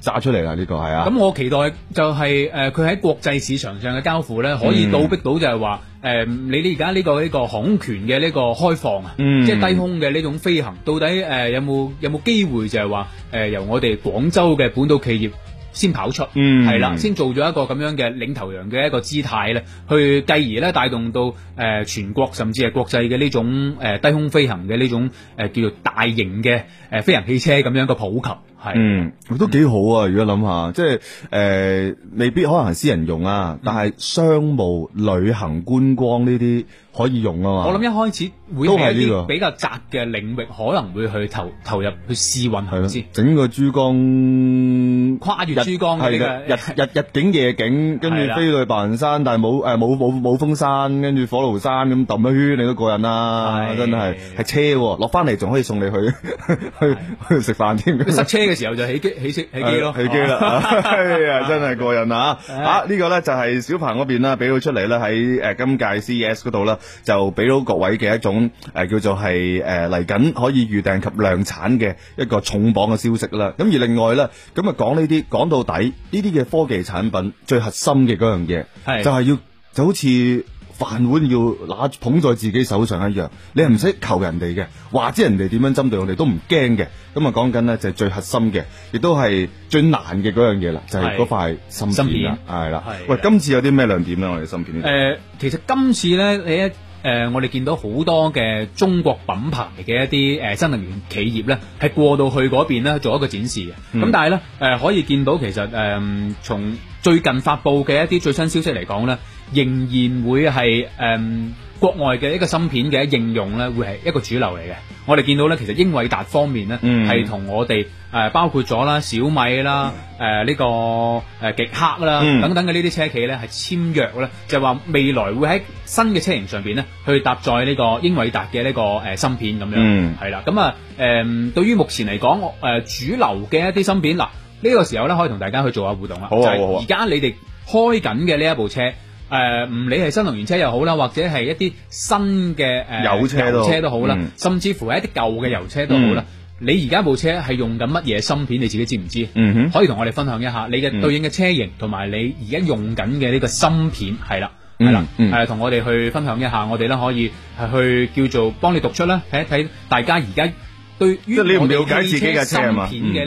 炸出嚟啦，呢、這個係啊！咁我期待就係、是、誒，佢、呃、喺國際市場上嘅交付咧，可以倒逼到就係話，誒、嗯呃，你哋而家呢個呢、這個航權嘅呢個開放啊，即係、嗯、低空嘅呢種飛行，到底誒、呃、有冇有冇機會就係話，誒、呃，由我哋廣州嘅本土企業？先跑出，嗯，係啦，先做咗一個咁樣嘅領頭羊嘅一個姿態咧，去繼而咧帶動到誒、呃、全國甚至係國際嘅呢種誒、呃、低空飛行嘅呢種誒、呃、叫做大型嘅誒、呃、飛行汽車咁樣嘅普及。係嗯，都幾好啊！如果諗下，即係誒未必可能係私人用啊，但係商務旅行、觀光呢啲可以用啊嘛。我諗一開始會都係呢個比較窄嘅領域，可能會去投投入去試運去咯，整個珠江跨越珠江嚟嘅日日日景夜景，跟住飛去白雲山，但係冇誒冇冇冇風山，跟住火爐山咁氹一圈，你都過癮啦！真係係車，落翻嚟，仲可以送你去去去食飯添，搭車。呢個時候就起機、起色、起機咯，起機啦！係、哦、啊， 真係過癮啊！吓，呢個咧就係、是、小鵬嗰邊啦，俾到出嚟啦，喺誒今屆 CES 嗰度啦，就俾到各位嘅一種誒、呃、叫做係誒嚟緊可以預訂及量產嘅一個重磅嘅消息啦。咁、啊、而另外咧，咁啊講呢啲講到底，呢啲嘅科技產品最核心嘅嗰樣嘢，係是的 就係要就好似。飯碗要拿捧在自己手上一樣，你係唔使求人哋嘅，話知人哋點樣針對我哋都唔驚嘅。咁啊講緊呢，就係最核心嘅，亦都係最難嘅嗰樣嘢啦，就係、是、嗰塊芯片啦，係啦。了的喂，的今次有啲咩亮點呢？我哋芯片誒，其實今次呢，你誒、呃、我哋見到好多嘅中國品牌嘅一啲誒、呃、新能源企業呢，係過到去嗰邊咧做一個展示嘅。咁、嗯、但係呢，誒、呃，可以見到其實誒、呃，從最近發布嘅一啲最新消息嚟講呢，仍然會係誒、嗯、國外嘅一個芯片嘅應用咧，會係一個主流嚟嘅。我哋見到咧，其實英偉達方面咧，係同、嗯、我哋誒、呃、包括咗啦小米啦，誒呢、嗯呃呢個誒極氪啦、嗯、等等嘅呢啲車企咧，係簽約咧，就話未來會喺新嘅車型上邊咧，去搭載呢個英偉達嘅呢個誒芯片咁樣，係啦、嗯，咁啊誒對於目前嚟講誒主流嘅一啲芯片，嗱呢、呢個時候咧，可以同大家去做下互動啦。好就係而家你哋開緊嘅呢一部車。誒，唔、呃、理係新能源車又好啦，或者係一啲新嘅誒、呃、油車都好啦，車好嗯、甚至乎係一啲舊嘅油車都好啦。嗯、你而家部車係用緊乜嘢芯片？你自己知唔知？嗯哼，可以同我哋分享一下你嘅對應嘅車型，同埋、嗯、你而家用緊嘅呢個芯片係啦，係啦，係同我哋去分享一下，我哋咧可以係去叫做幫你讀出啦，睇一睇大家而家。對於我哋汽車芯片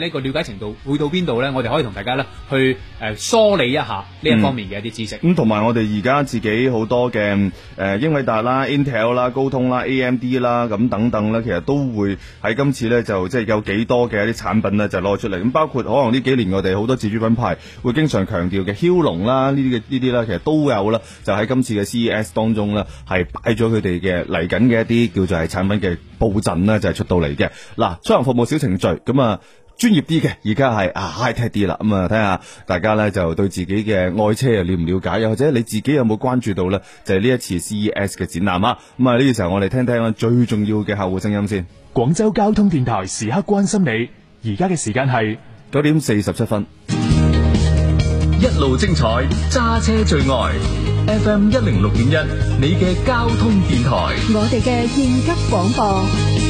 嘅呢個了解程度會到邊度咧？嗯、我哋可以同大家咧去誒梳理一下呢一方面嘅一啲知識。咁同埋我哋而家自己好多嘅誒、呃、英偉達啦、Intel 啦、高通啦、AMD 啦咁等等咧，其實都會喺今次咧就即係、就是、有幾多嘅一啲產品咧就攞出嚟。咁包括可能呢幾年我哋好多自主品牌會經常強調嘅驍龍啦，呢啲嘅呢啲啦其實都有啦，就喺今次嘅 CES 當中咧係擺咗佢哋嘅嚟緊嘅一啲叫做係產品嘅布陣呢，就係、是、出到嚟嘅。嗱，出行服務小程序，咁啊專業啲嘅，而家係啊，啊 high tech 啲啦，咁啊睇下大家咧就對自己嘅愛車又了唔了解，又或者你自己有冇關注到咧，就係呢一次 CES 嘅展覽啊！咁啊呢個時候我哋聽聽啊最重要嘅客戶聲音先。廣州交通電台時刻關心你，而家嘅時間係九點四十七分，一路精彩揸車最愛 FM 一零六點一，你嘅交通電台，我哋嘅應急廣播。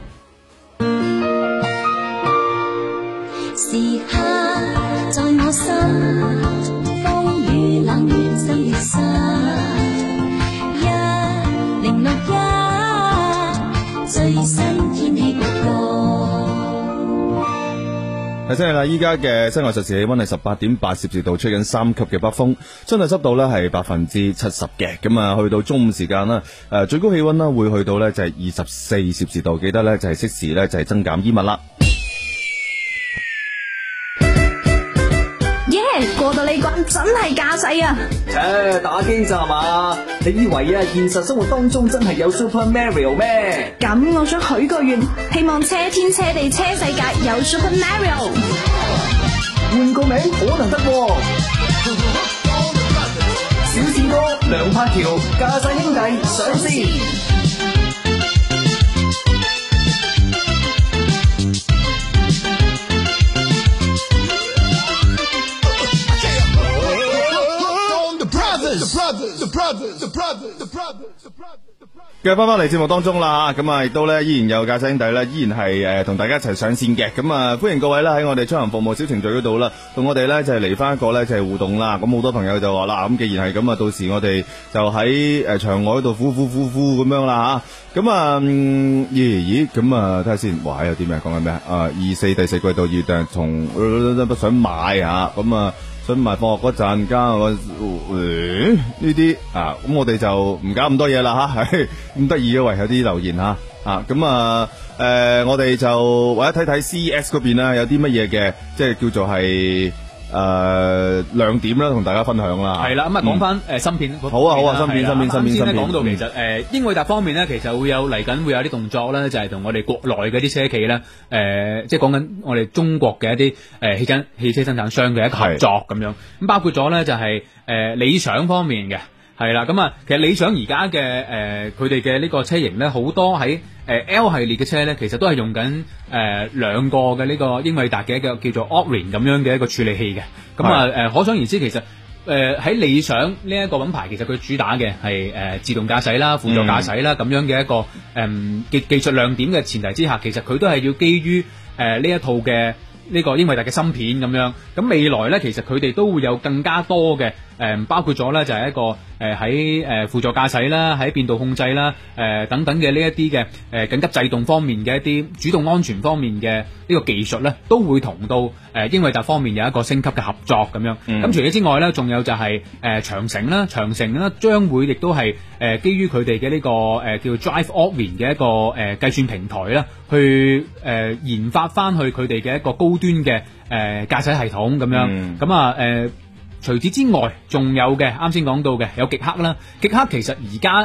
係真係啦，依家嘅室外實時氣溫係十八點八攝氏度，吹緊三級嘅北風，相對濕度呢係百分之七十嘅。咁啊，去到中午時間啦，誒，最高氣溫咧會去到呢就係二十四攝氏度，記得呢就係適時呢就係增減衣物啦。你講真係駕駛啊？切，打機咋嘛？你以為啊，現實生活當中真係有 Super Mario 咩？咁我想許個願，希望車天車地車世界有 Super Mario。換個名可能得。小子哥梁柏喬駕駛兄弟上線。繼續翻翻嚟，節目當中啦，咁啊亦都呢，依然有駕駛兄弟咧，依然係誒同大家一齊上線嘅。咁啊歡迎各位呢喺我哋出行服務小程序嗰度啦，同我哋呢，就係嚟翻一個呢，就係互動啦，咁好多朋友就話啦，咁既然係咁啊，到時我哋就喺誒場外度呼呼呼呼咁樣啦吓，咁啊咦咦，咁啊睇下先，話，有啲咩講緊咩啊？二四第四季度預訂從想買啊。咁啊。上埋放學嗰陣，加我呢啲啊，咁我哋就唔搞咁多嘢啦吓，咁得意嘅位有啲留言吓，啊，咁啊，誒、啊呃，我哋就或者睇睇 CES 嗰邊啦，有啲乜嘢嘅，即係叫做係。誒亮、呃、點啦，同大家分享啦。係啦，咁啊講翻誒芯片、嗯。好啊好啊，芯片芯片的芯片。頭先講到其實誒英偉達方面呢，其實會有嚟緊、嗯、會有啲動作咧、呃，就係、是、同我哋國內嘅啲車企咧，誒即係講緊我哋中國嘅一啲誒、呃、汽車汽車生產商嘅一個合作咁樣。咁是的 包括咗咧就係誒理想方面嘅。係啦，咁啊，其實理想而家嘅誒，佢哋嘅呢個車型咧，好多喺誒 L 系列嘅車咧，其實都係用緊誒兩個嘅呢個英偉達嘅一個叫做 Orin 咁樣嘅一個處理器嘅。咁啊，誒，可想而知，其實誒喺理想呢一個品牌，其實佢主打嘅係誒自動駕駛啦、輔助駕駛啦咁樣嘅一個誒技技術亮點嘅前提之下，其實佢都係要基於誒呢一套嘅呢個英偉達嘅芯片咁樣。咁未來咧，其實佢哋都會有更加多嘅。誒包括咗咧，就係一個誒喺誒輔助駕駛啦，喺變道控制啦，誒等等嘅呢一啲嘅誒緊急制動方面嘅一啲主動安全方面嘅呢個技術咧，都會同到誒英偉達方面有一個升級嘅合作咁樣、嗯嗯。咁除咗之外咧，仲有就係誒長城啦，長城啦將會亦都係誒基於佢哋嘅呢個誒叫 Drive Orin 嘅一個誒計算平台啦，去誒研發翻去佢哋嘅一個高端嘅誒駕駛系統咁樣。咁、嗯、啊誒。呃除此之外，仲有嘅，啱先講到嘅有極氪啦，極氪其實而家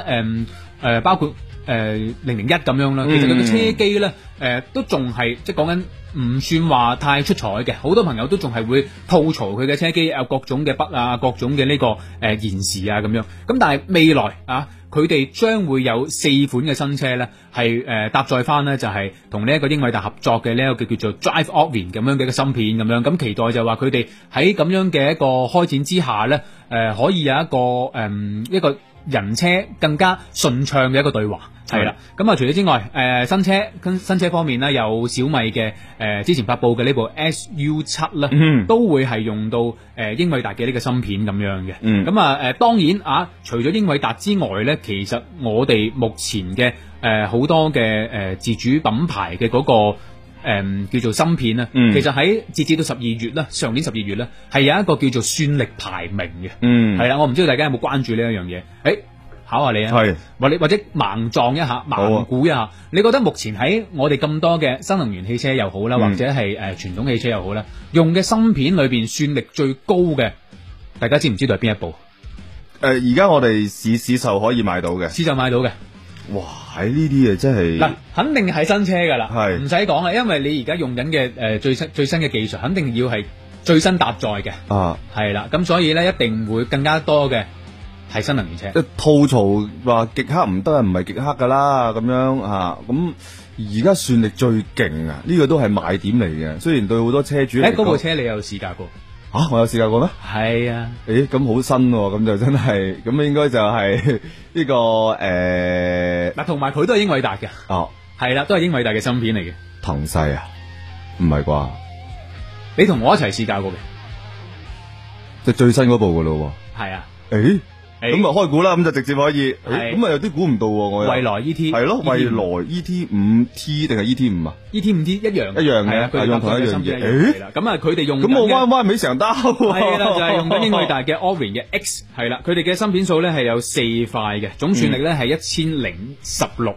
誒包括誒零零一咁樣啦，嗯、其實佢嘅車機咧、呃、都仲係即係講緊唔算話太出彩嘅，好多朋友都仲係會吐槽佢嘅車機有各種嘅筆啊、各種嘅呢、啊這個誒、啊、延時啊咁樣，咁但係未來啊。佢哋將會有四款嘅新車呢係誒、呃、搭載翻呢，就係同呢一個英偉達合作嘅呢個叫叫做 Drive Orin 咁樣嘅一個芯片咁樣，咁期待就話佢哋喺咁樣嘅一個開展之下呢誒、呃、可以有一個誒、嗯、一個。人車更加順暢嘅一個對話，係啦。咁啊的，除咗之外，誒、呃、新車跟新車方面呢，有小米嘅誒、呃、之前發布嘅呢部 SU7 啦，都會係用到誒、呃、英偉達嘅呢個芯片咁樣嘅。咁啊誒，當然啊，除咗英偉達之外呢，其實我哋目前嘅誒好多嘅誒、呃、自主品牌嘅嗰、那個。誒、嗯，叫做芯片啦，嗯、其實喺截至到十二月咧，上年十二月咧，係有一個叫做算力排名嘅，係啦、嗯，我唔知道大家有冇關注呢一樣嘢？誒、欸，考下你啊，係，或你或者盲撞一下、盲估一下，啊、你覺得目前喺我哋咁多嘅新能源汽車又好啦，或者係誒傳統汽車又好啦，用嘅芯片裏邊算力最高嘅，大家知唔知道係邊一部？誒、呃，而家我哋市市售可以買到嘅，市售買到嘅。哇！喺呢啲嘢真係嗱，肯定係新車噶啦，唔使講啦，因為你而家用緊嘅誒最新最新嘅技術，肯定要係最新搭載嘅啊，係啦，咁所以咧，一定會更加多嘅係新能源車。即吐槽話極黑唔得，唔係極黑噶啦，咁樣，咁而家算力最勁啊，呢個都係賣點嚟嘅，雖然對好多車主誒，嗰部車你有試駕過？啊！我有試駕過咩？係啊！誒、欸，咁好新，啊，咁就真係，咁應該就係、是、呢、這個誒。嗱、欸，同埋佢都係英偉達嘅。哦、啊，係啦，都係英偉達嘅芯片嚟嘅。騰勢啊？唔係啩？你同我一齊試駕過嘅，就最新嗰部噶咯。係啊。誒、欸。咁咪開估啦，咁就直接可以，咁啊，有啲估唔到，我未來 E T 係咯，未來 E T 五 T 定係 E T 五啊？E T 五 T 一樣一樣嘅，佢用同一樣嘢。係啦，咁啊佢哋用咁我彎彎尾成兜，係啦就係用緊英偉達嘅 Orin 嘅 X，係啦佢哋嘅芯片數咧係有四塊嘅，總算力咧係一千零十六，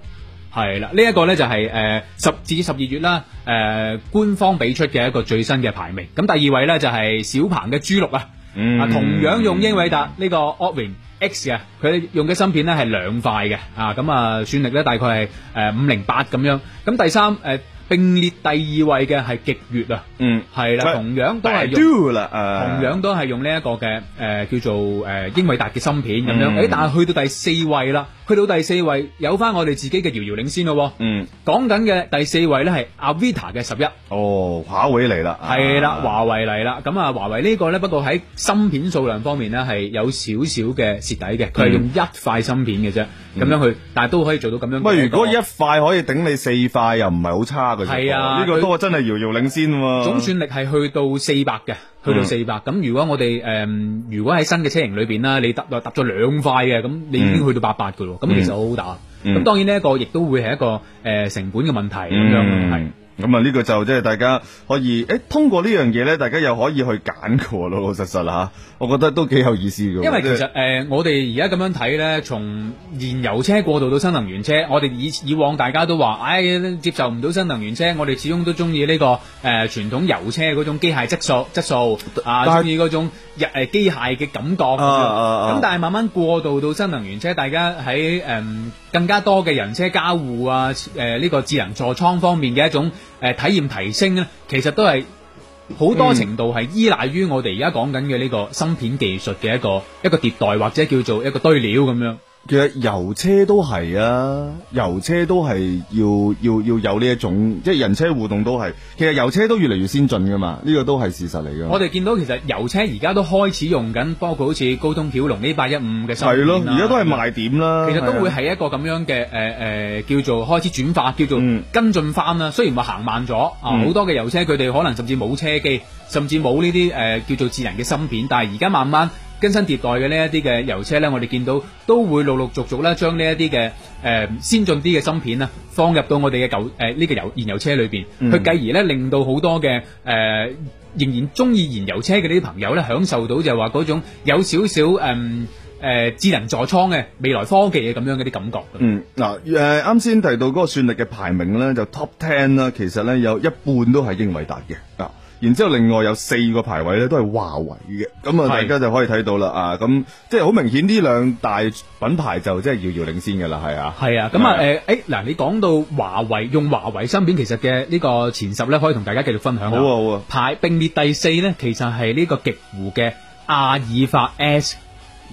係啦呢一個咧就係誒十至十二月啦，誒官方俾出嘅一個最新嘅排名，咁第二位咧就係小鵬嘅 G 六啊，啊同樣用英偉達呢個 Orin X 啊，佢用嘅芯片咧係兩塊嘅，啊咁啊算力咧大概係誒五零八咁樣。咁第三誒、呃、並列第二位嘅係極越啊，嗯係啦，是的同樣都係用，啦，誒、同樣都係用呢一個嘅誒、呃、叫做誒、呃、英偉達嘅芯片咁樣。誒、嗯、但係去到第四位啦。去到第四位有翻我哋自己嘅遙遙領先咯，嗯，講緊嘅第四位咧係 Avita 嘅十一，哦，下一位嚟啦，係啦的，華、啊、為嚟啦，咁啊華為個呢個咧不過喺芯片數量方面咧係有少少嘅蝕底嘅，佢係用一塊芯片嘅啫，咁、嗯、樣去，但係都可以做到咁樣。喂，如果一塊可以頂你四塊又唔係好差嘅，係啊，呢個都真係遙遙領先喎。總算力係去到四百嘅。嗯、去到四百，咁如果我哋誒、呃，如果喺新嘅車型裏邊啦，你搭搭咗兩塊嘅，咁你已經去到八百㗎咯，咁、嗯、其實好好打。咁、嗯、當然呢一個亦都會係一個誒、呃、成本嘅問題，咁、嗯、樣問題。係、嗯。咁啊，呢個就即係大家可以，誒通過呢樣嘢咧，大家又可以去揀嘅喎，老實、嗯、老實啦。我覺得都幾有意思嘅，因為其實誒、就是呃，我哋而家咁樣睇呢，從燃油車過渡到新能源車，我哋以以往大家都話，唉，接受唔到新能源車，我哋始終都中意呢個誒、呃、傳統油車嗰種機械質素質素啊，中意嗰種機、呃、機械嘅感覺。咁、啊、但係慢慢過渡到新能源車，大家喺誒、呃、更加多嘅人車交互啊，誒、呃、呢、呢個智能座艙方面嘅一種誒、呃、體驗提升呢其實都係。好多程度係依賴於我哋而家講緊嘅呢個芯片技術嘅一個一個迭代，或者叫做一個堆料咁樣。其實油車都係啊，油車都係要要要有呢一種，即係人車互動都係。其實油車都越嚟越先進噶嘛，呢、這個都係事實嚟噶。我哋見到其實油車而家都開始用緊，包括好似高通驍龍呢八一五嘅芯片係、啊、咯，而家都係賣點啦。的其實都會係一個咁樣嘅，誒誒的、呃，叫做開始轉化，叫做跟進翻啦、啊。嗯、雖然話行慢咗好、嗯啊、多嘅油車佢哋可能甚至冇車機，甚至冇呢啲誒叫做智能嘅芯片，但係而家慢慢。更新迭代嘅呢一啲嘅油車咧，我哋見到都會陸陸續續咧，將、呃、呢一啲嘅誒先進啲嘅芯片啊，放入到我哋嘅舊誒呢個油燃油車裏邊，佢繼、嗯、而咧令到好多嘅誒、呃、仍然中意燃油車嘅呢啲朋友咧，享受到就係話嗰種有少少誒誒、呃呃、智能座艙嘅未來科技嘅咁樣嘅啲感覺。嗯，嗱誒啱先提到嗰個算力嘅排名咧，就 Top Ten 啦，其實咧有一半都係英偉達嘅啊。呃然之後，另外有四個排位咧，都係華為嘅，咁啊，大家就可以睇到啦啊！咁即係好明顯，呢兩大品牌就即係遙遙領先嘅啦，係啊，係啊，咁啊，誒，誒，嗱，你講到華為用華為芯片，其實嘅呢個前十咧，可以同大家繼續分享。好啊，好啊。排並列第四咧，其實係呢個極狐嘅阿爾法 S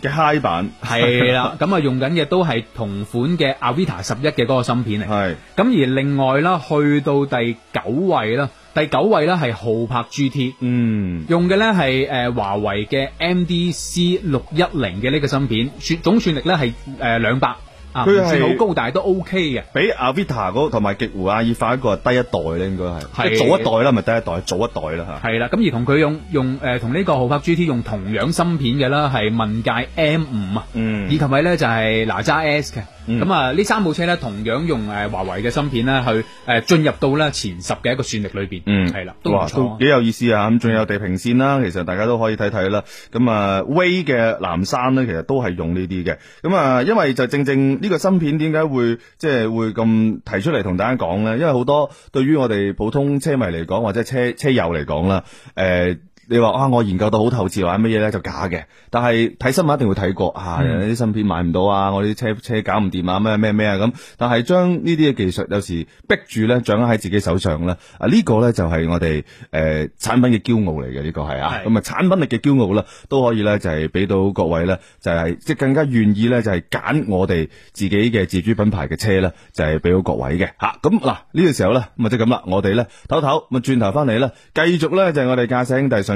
嘅 Hi 版，係啦，咁啊，用緊嘅都係同款嘅 Avita 十一嘅嗰個芯片嚟，係。咁而另外啦，去到第九位啦。第九位咧係豪柏 G T，嗯，用嘅咧係誒華為嘅 M D C 六一零嘅呢個芯片，算總算力咧係誒兩百，呃、200, 它是 啊，佢算好高，但係都 O K 嘅。比阿 Vita 個同埋極狐阿爾法一個係低一代咧，應該係係早一代啦，咪低一代，早一代啦吓。係啦，咁而同佢用用誒同呢個豪柏 G T 用同樣芯片嘅啦，係問界 M 五啊，嗯，第十位咧就係哪吒 S 嘅。咁啊，呢、嗯、三部車咧，同樣用誒華為嘅芯片咧，去誒進入到咧前十嘅一個算力裏邊。嗯，係啦，都唔錯，幾有意思啊！咁仲有地平線啦，其實大家都可以睇睇啦。咁啊 w 嘅藍山咧，其實都係用呢啲嘅。咁啊，因為就正正呢個芯片點解會即係、就是、會咁提出嚟同大家講咧？因為好多對於我哋普通車迷嚟講，或者車車友嚟講啦，誒、呃。你話啊，我研究到好透徹，話乜嘢咧就假嘅。但係睇新聞一定會睇過啊，人哋啲芯片買唔到啊，我啲車車搞唔掂啊，咩咩咩啊咁。但係將呢啲嘅技術有時逼住咧，掌握喺自己手上咧，啊呢、這個咧就係我哋誒、呃、產品嘅驕傲嚟嘅，呢個係啊。咁啊的產品力嘅驕傲呢，都可以咧就係、是、俾到各位咧，就係即係更加願意咧就係、是、揀我哋自己嘅自主品牌嘅車咧，就係、是、俾到各位嘅吓。咁嗱呢個時候咧，咁啊即係咁啦，我哋咧唞唞，咁啊轉頭翻嚟咧，繼續咧就係、是、我哋駕駛兄弟上。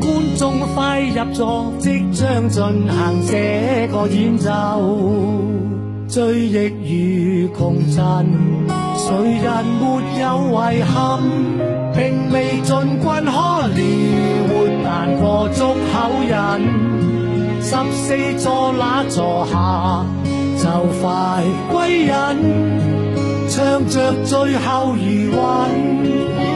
觀眾快入座，即將進行這個演奏。追憶如窮振，誰人沒有遺憾？並未盡君可憐，活難過足口忍。十四座那座下就快歸隱，唱着最後餘韻。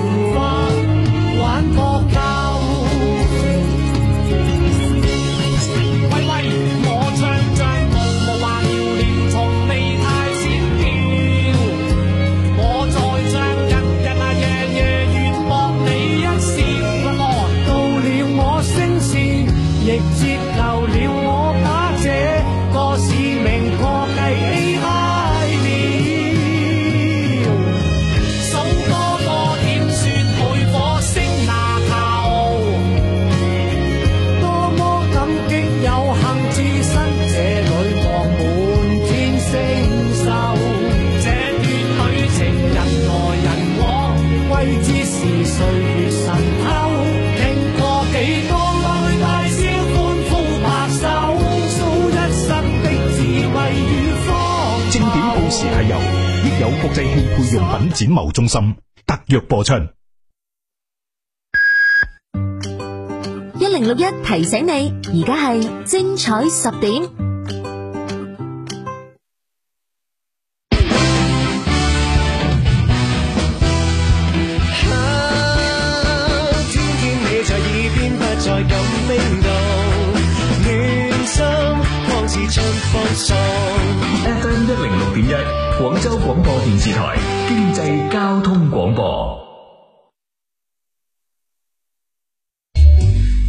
國際汽配用品展貿中心特約播出，一零六一提醒你，而家係精彩十點。天天你在耳邊，不再咁冰凍，暖心，好似春風送。FM 一零六點一。廣州廣播電視台經濟交通廣播。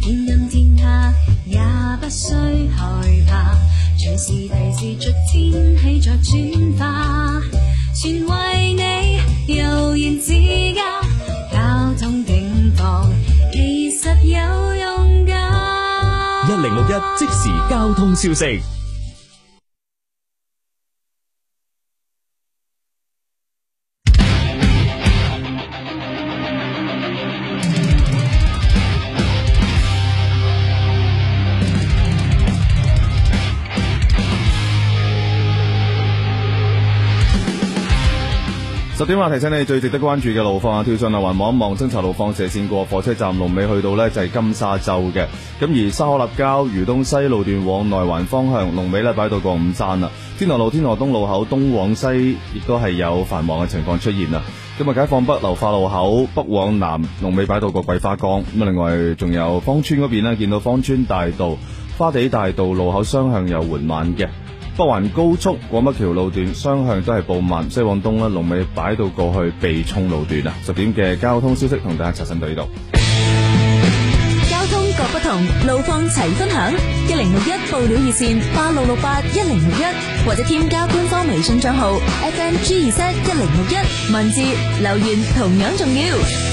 天陰天黑也不需害怕，隨時提示着天氣在轉化，全為你悠然自駕。交通警報其實有用㗎。一零六一即時交通消息。我點話提醒你最值得關注嘅路況啊！跳上內環望一望，增槎路放射線過火車站龍尾去到呢就係、是、金沙洲嘅。咁而沙河立交漁東西路段往內環方向龍尾呢擺到過五山啦。天河路天河東路口東往西亦都係有繁忙嘅情況出現啦。咁啊解放北流花路口北往南龍尾擺到過桂花崗。咁啊另外仲有芳村嗰邊咧，見到芳村大道、花地大道路口雙向又緩慢嘅。北環高速廣北橋路段雙向都係暴慢，西往東咧龍尾擺到過去避沖路段啊！十點嘅交通消息同大家刷新到呢度。交通各不同，路況齊分享。一零六一報料熱線八六六八一零六一，61, 或者添加官方微信賬號 FMG 二七一零六一，61, 文字留言同樣重要。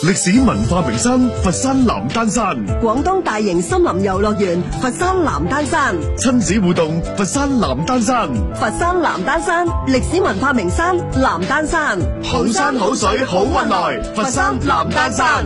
歷史文化名山佛山南丹山，廣東大型森林遊樂園佛山南丹山，親子互動佛山南丹山，佛山南丹山歷史文化名山南丹山，好山好水好運來佛山南丹山。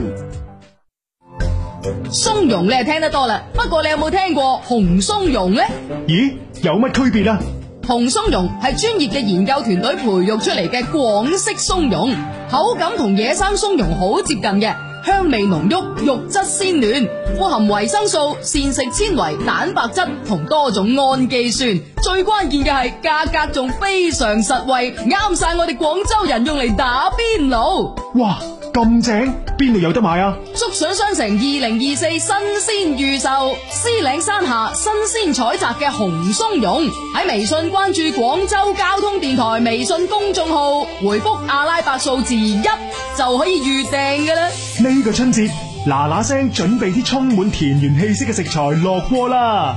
松茸你係聽得多啦，不過你有冇聽過紅松茸呢？咦，有乜區別呢？紅松茸係專業嘅研究團隊培育出嚟嘅廣式松茸，口感同野生松茸好接近嘅，香味濃郁，肉質鮮嫩，富含維生素、膳食纖維、蛋白質同多種氨基酸，最關鍵嘅係價格仲非常實惠，啱晒我哋廣州人用嚟打邊爐。哇！咁正，邊度有得買啊？竹筍商城2024新鮮預售，獅嶺山下新鮮採摘嘅紅松茸，喺微信關注廣州交通電台微信公眾號，回復阿拉伯數字一就可以預訂㗎啦。呢個春節，嗱嗱聲準備啲充滿田園氣息嘅食材落鍋啦！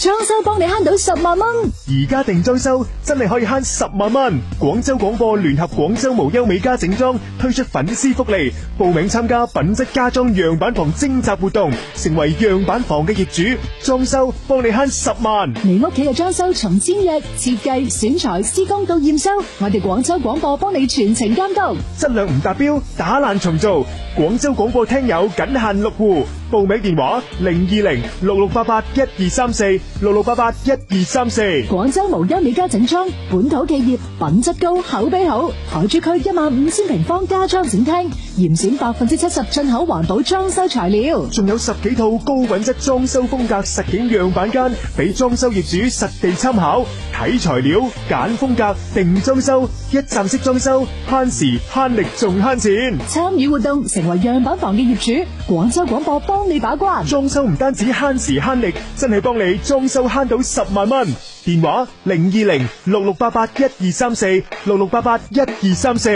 裝修幫你慳到十萬蚊，而家定裝修真係可以慳十萬蚊。廣州廣播聯合廣州無憂美家整裝推出粉絲福利，報名參加品質家裝樣板房徵集活動，成為樣板房嘅業主，裝修幫你慳十萬。你屋企嘅裝修從簽約、設計、選材、施工到驗收，我哋廣州廣播幫你全程監督，質量唔達標打爛重做。廣州廣播聽友僅限六戶。報名電話零二零六六八八一二三四六六八八一二三四。廣州無憂美家整裝，本土企業，品質高，口碑好。海珠區一萬五千平方家裝展廳，嚴選百分之七十進口環保裝修材料，仲有十幾套高品質裝修風格實景樣板間，俾裝修業主實地參考，睇材料，揀風格，定裝修，一站式裝修，慳時慳力仲慳錢。參與活動，成為樣板房嘅業主。廣州廣播播。幫你把關，裝修唔單止慳時慳力，真係幫你裝修慳到十萬蚊。電話零二零六六八八一二三四六六八八一二三四。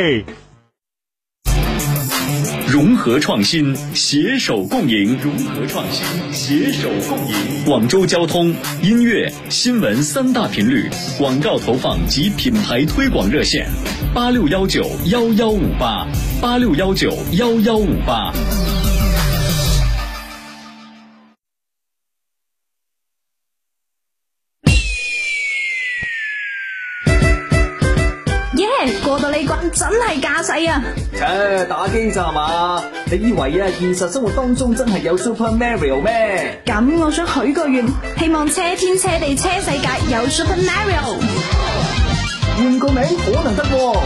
融合創新，携手共贏。融合創新，携手共贏。共贏。廣州交通、音樂、新聞三大頻率，廣告投放及品牌推廣熱線：八六幺九幺幺五八八六幺九幺幺五八。使啊！打機咋嘛？你以為啊，現實生活當中真係有 Super Mario 咩？咁我想許個願，希望車天車地車世界有 Super Mario。願個名可能得、啊。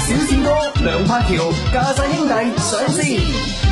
小賤哥梁柏喬駕駛兄弟上先。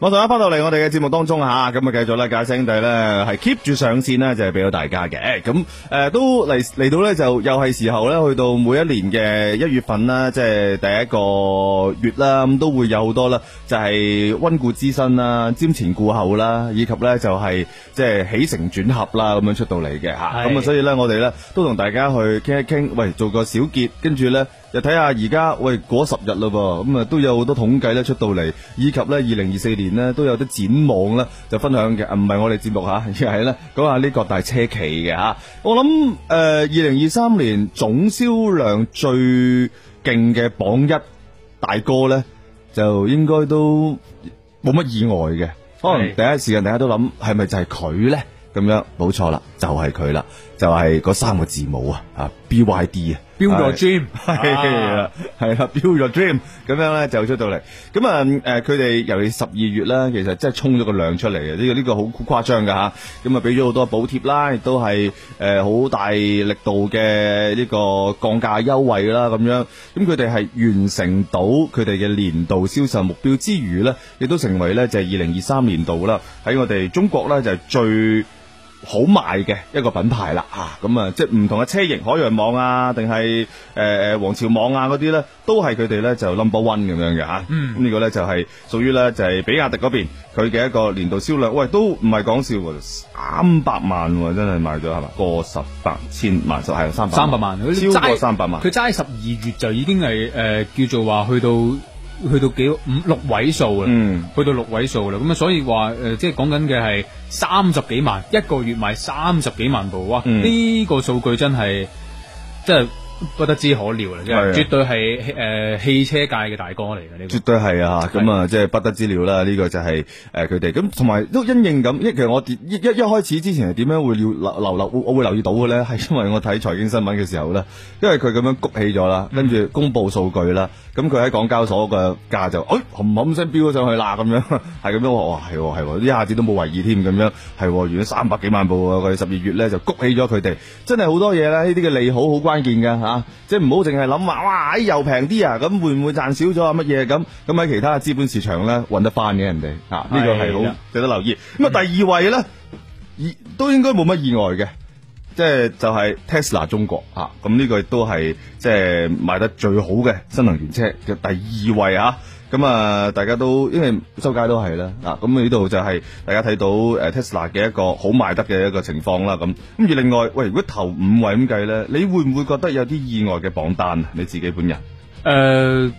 我哋一翻到嚟我哋嘅節目當中啊，咁啊繼續咧，家兄弟咧係 keep 住上線咧，就係俾到大家嘅。咁誒都嚟嚟到咧就又係時候咧，去到每一年嘅一月份啦，即係第一個月啦，咁都會有好多啦，就係溫故知新啦、瞻前顧後啦，以及咧就係即係起承轉合啦，咁樣出到嚟嘅吓。咁啊，所以咧我哋咧都同大家去傾一傾，喂，做個小結，跟住咧。又睇下而家，喂，嗰十日嘞噃，咁啊，都有好多統計咧出到嚟，以及咧二零二四年呢都有啲展望啦，就分享嘅。唔係我哋節目吓，而係咧講下呢個大車企嘅吓。我諗誒，二零二三年總銷量最勁嘅榜一大哥咧，就應該都冇乜意外嘅。可能是第一時間大家都諗，係咪就係佢咧？咁樣冇錯啦，就係佢啦，就係、是、嗰三個字母啊，BYD 啊。Build your dream，係啦，係啦，Build your dream，咁樣咧就出到嚟。咁啊，誒，佢哋尤其十二月啦，其實真係衝咗個量出嚟嘅。呢個呢個好好誇張㗎嚇。咁啊，俾咗好多補貼啦，亦都係誒好大力度嘅呢個降價優惠啦。咁樣，咁佢哋係完成到佢哋嘅年度銷售目標之餘咧，亦都成為咧就係二零二三年度啦，喺我哋中國咧就係最好賣嘅一個品牌啦，吓咁啊，即係唔同嘅車型，海洋網啊，定係誒誒王朝網啊嗰啲咧，都係佢哋咧就 number one 咁樣嘅吓、啊，咁、嗯、呢個咧就係屬於咧就係、是、比亞迪嗰邊佢嘅一個年度銷量，喂都唔係講笑，三百萬、啊、真係賣咗係嘛過十八千,千萬，就係三三百萬，萬超過三百萬，佢齋十二月就已經係誒、呃、叫做話去到。去到幾五六位數啊，嗯、去到六位數啦，咁啊所以話誒、呃，即係講緊嘅係三十幾萬一個月賣三十幾萬部，哇！呢、嗯、個數據真係即係。真不得之可料啦，即係絕對係誒、啊呃、汽車界嘅大哥嚟嘅，呢個，絕對係啊咁啊，即係、啊就是、不得之料啦。呢、這個就係誒佢哋咁，同埋都因應咁，一其實我一一一開始之前係點樣會留留我會留意到嘅咧？係因為我睇財經新聞嘅時候咧，因為佢咁樣谷起咗啦，跟住公布數據啦，咁佢喺港交所嘅價就誒冚冚聲飆咗上去啦，咁樣係咁樣話，哇係係、哦哦哦，一下子都冇遺意添，咁樣係原來三百幾萬部啊，佢十二月咧就谷起咗佢哋，真係好多嘢啦，呢啲嘅利好好關鍵噶啊！即係唔好淨係諗話哇，又平啲啊！咁會唔會賺少咗啊？乜嘢咁？咁喺其他資本市場咧，搵得翻嘅人哋啊，呢個係好值得留意。咁啊的，第二位咧，都應該冇乜意外嘅，即係就係、是、Tesla 中國啊！咁呢個亦都係即係賣得最好嘅新能源車嘅第二位啊。咁啊、嗯，大家都，因為周街都係啦，嗱，咁呢度就係大家睇到，誒，Tesla 嘅一個好賣得嘅一個情況啦，咁，咁而另外，喂，如果頭五位咁計咧，你會唔會覺得有啲意外嘅榜單啊？你自己本人，誒、呃，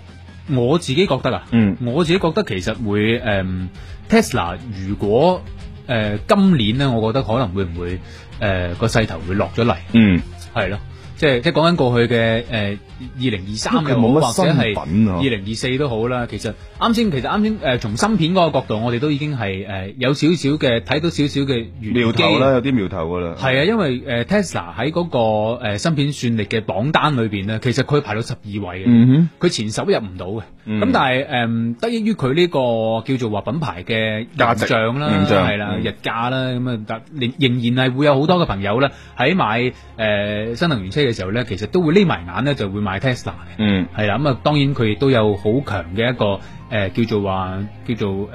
我自己覺得啊，嗯，我自己覺得其實會，誒、嗯，Tesla 如果誒、呃、今年咧，我覺得可能會唔會，誒、呃、個勢頭會落咗嚟，嗯，係咯。即係即係講緊過去嘅誒二零二三嘅冇或者係二零二四都好啦。其實啱先其實啱先誒從芯片那個角度，我哋都已經係誒、呃、有少少嘅睇到少少嘅苗頭啦，有啲苗頭㗎啦。係啊，因為誒、呃、Tesla 喺嗰誒芯片算力嘅榜單裏邊咧，其實佢排到十二位嘅，嗯，佢哼前十入唔到嘅。咁、嗯、哼但係誒得益於佢呢個叫做話品牌嘅價漲啦，係啦，的嗯、日價啦，咁啊仍仍然係會有好多嘅朋友咧喺買誒、呃、新能源車嘅。時候咧，其實都會匿埋眼咧，就會買 Tesla 嘅，嗯。嗯，係啦，咁啊，當然佢亦都有好強嘅一個誒、呃，叫做話叫做誒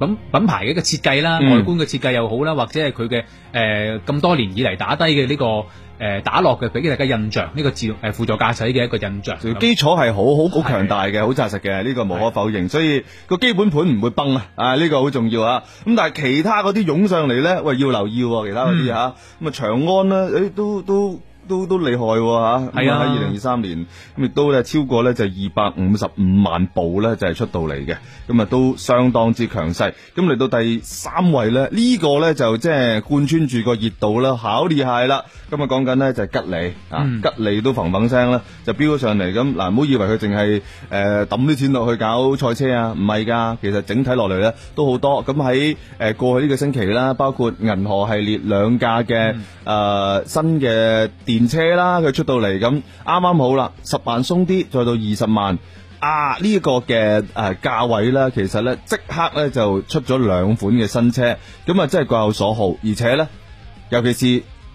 品、呃、品牌嘅一個設計啦，嗯、外觀嘅設計又好啦，或者係佢嘅誒咁多年以嚟打低嘅呢、這個誒、呃、打落嘅俾大家印象，呢、這個自誒輔助駕駛嘅一個印象，基礎係好樣很好好強的大嘅，好扎的實嘅，呢、這個無可否認。的所以個基本盤唔會崩啊！啊，呢、這個好重要啊！咁但係其他嗰啲湧上嚟咧，喂，要留意、啊、其他嗰啲吓，咁、嗯、啊，長安咧，誒、欸，都都。都都厲害吓，係啊！喺二零二三年咁亦是、啊、都咧超過咧就二百五十五萬部咧就係、是、出到嚟嘅，咁啊都相當之強勢。咁嚟到第三位咧，這個、呢個咧就即係貫穿住個熱度啦，好厲害啦。咁啊講緊咧就係吉利、嗯、啊，吉利都嘭嘭聲啦，就飆咗上嚟。咁、啊、嗱，唔好以為佢淨係誒抌啲錢落去搞賽車啊，唔係噶，其實整體落嚟咧都好多。咁喺誒過去呢個星期啦，包括銀河系列兩架嘅誒、嗯呃、新嘅。電車啦，佢出到嚟咁啱啱好啦，十萬鬆啲，再到二十萬啊呢個嘅誒價位呢，其實呢，即刻呢，就出咗兩款嘅新車，咁啊真係各有所好，而且呢，尤其是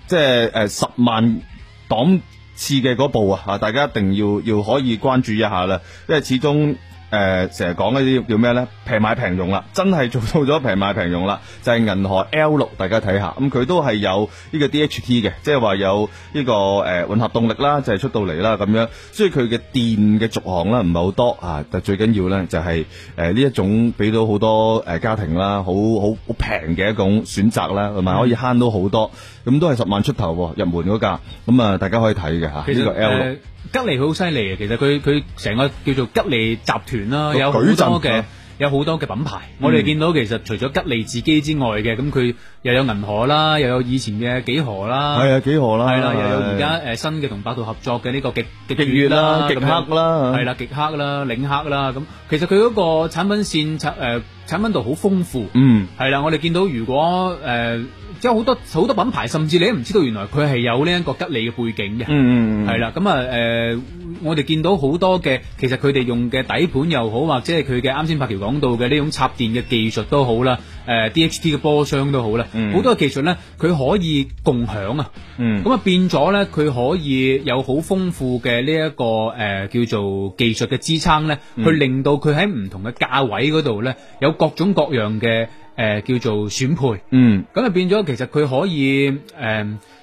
即係誒十萬檔次嘅嗰部啊，吓大家一定要要可以關注一下啦，因為始終。誒，成日講嗰啲叫咩呢？平買平用啦，真係做到咗平買平用啦。就係、是、銀河 L 六，大家睇下，咁、嗯、佢都係有呢個 DHT 嘅，即係話有呢、這個誒、呃、混合動力啦，就係、是、出到嚟啦咁樣。所以佢嘅電嘅續航啦，唔係好多啊。但最緊要呢就係誒呢一種俾到好多誒、呃、家庭啦，好好好平嘅一種選擇啦，同埋、嗯、可以慳到好多。咁、嗯、都係十萬出頭、啊、入門嗰價，咁、嗯、啊大家可以睇嘅吓呢個 L 六。呃吉利好犀利啊！其實佢佢成個叫做吉利集團啦，有好多嘅，有好多嘅品牌。嗯、我哋見到其實除咗吉利自己之外嘅，咁佢又有銀河啦，又有以前嘅幾、啊、幾何啦，係啊幾何啦，係啦、啊，啊、又有而家誒新嘅同百度合作嘅呢個極極越啦、極克又啦，係啦、啊、極克啦、領克啦。咁其實佢嗰個產品線，產誒產品度好豐富。嗯，係啦，我哋見到如果誒。呃即係好多好多品牌，甚至你都唔知道原來佢係有呢一個吉利嘅背景嘅，係啦、嗯嗯嗯。咁啊、呃，我哋見到好多嘅，其實佢哋用嘅底盤又好，或者係佢嘅啱先柏橋講到嘅呢種插電嘅技術都好啦、呃、DHT 嘅波箱都好啦，好、嗯嗯、多嘅技術咧，佢可以共享啊。咁啊、嗯嗯，變咗咧，佢可以有好豐富嘅呢一個、呃、叫做技術嘅支撐咧，嗯嗯去令到佢喺唔同嘅價位嗰度咧，有各種各樣嘅。誒叫做選配，嗯，咁就變咗其實佢可以誒，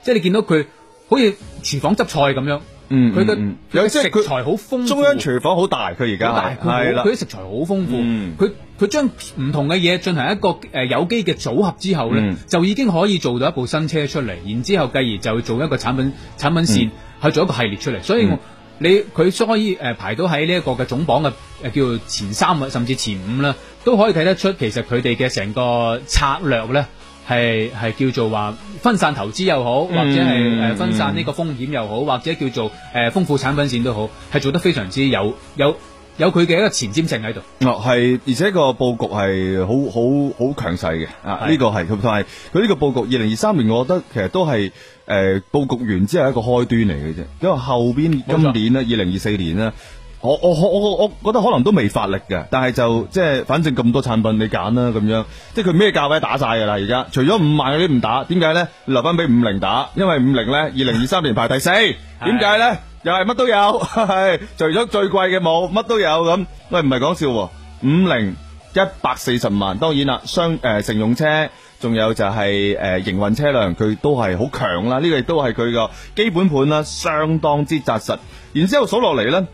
即係你見到佢好似廚房執菜咁樣，嗯，佢嘅有即係佢食材好豐富，中央廚房好大佢而家大，係啦，佢啲食材好豐富，佢佢將唔同嘅嘢進行一個誒有機嘅組合之後咧，就已經可以做到一部新車出嚟，然之後繼而就做一個產品產品線，去做一個系列出嚟，所以我。你佢所可以、呃、排到喺呢一個嘅總榜嘅叫做前三甚至前五啦，都可以睇得出其實佢哋嘅成個策略咧，係係叫做話分散投資又好，或者係分散呢個風險又好，或者叫做誒、呃、豐富產品線都好，係做得非常之有有。有有佢嘅一個前瞻性喺度。哦，係，而且個布局係好好好強勢嘅，啊，呢是的 個係佢，同埋佢呢個布局二零二三年，我覺得其實都係誒布局完之後一個開端嚟嘅啫。因為後邊今年呢，二零二四年呢，我我我我我覺得可能都未發力嘅，但係就即係反正咁多產品你揀啦咁樣，即係佢咩價位打曬噶啦而家，除咗五萬嗰啲唔打，點解呢？留翻俾五零打，因為五零呢，二零二三年排第四，點解是的 呢？又係乜都有，哈哈，除咗最貴嘅冇，乜都有咁。喂，唔係講笑，五菱一百四十萬，當然啦，商、誒、呃、乘用車，仲有就係誒營運車輛，佢都係好強啦。呢個亦都係佢個基本盤啦，相當之紮實。然之後數落嚟呢，誒、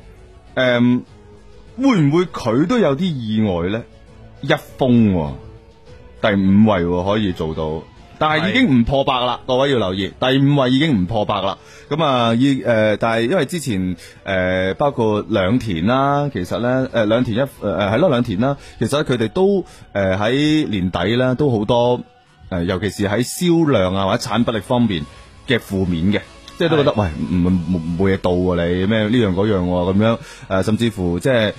呃，會唔會佢都有啲意外呢？一封喎、哦，第五位、哦、可以做到。但係已經唔破百啦，各位要留意。第五位已經唔破百啦。咁啊，但係因為之前包括兩田啦，其實咧誒兩田一誒係咯兩田啦，其實佢哋都喺年底咧都好多，尤其是喺銷量啊或者產品力方面嘅負面嘅。即係都覺得，喂，唔唔會嘢到喎、啊、你咩呢樣嗰樣咁、啊、樣，誒、啊、甚至乎即係誒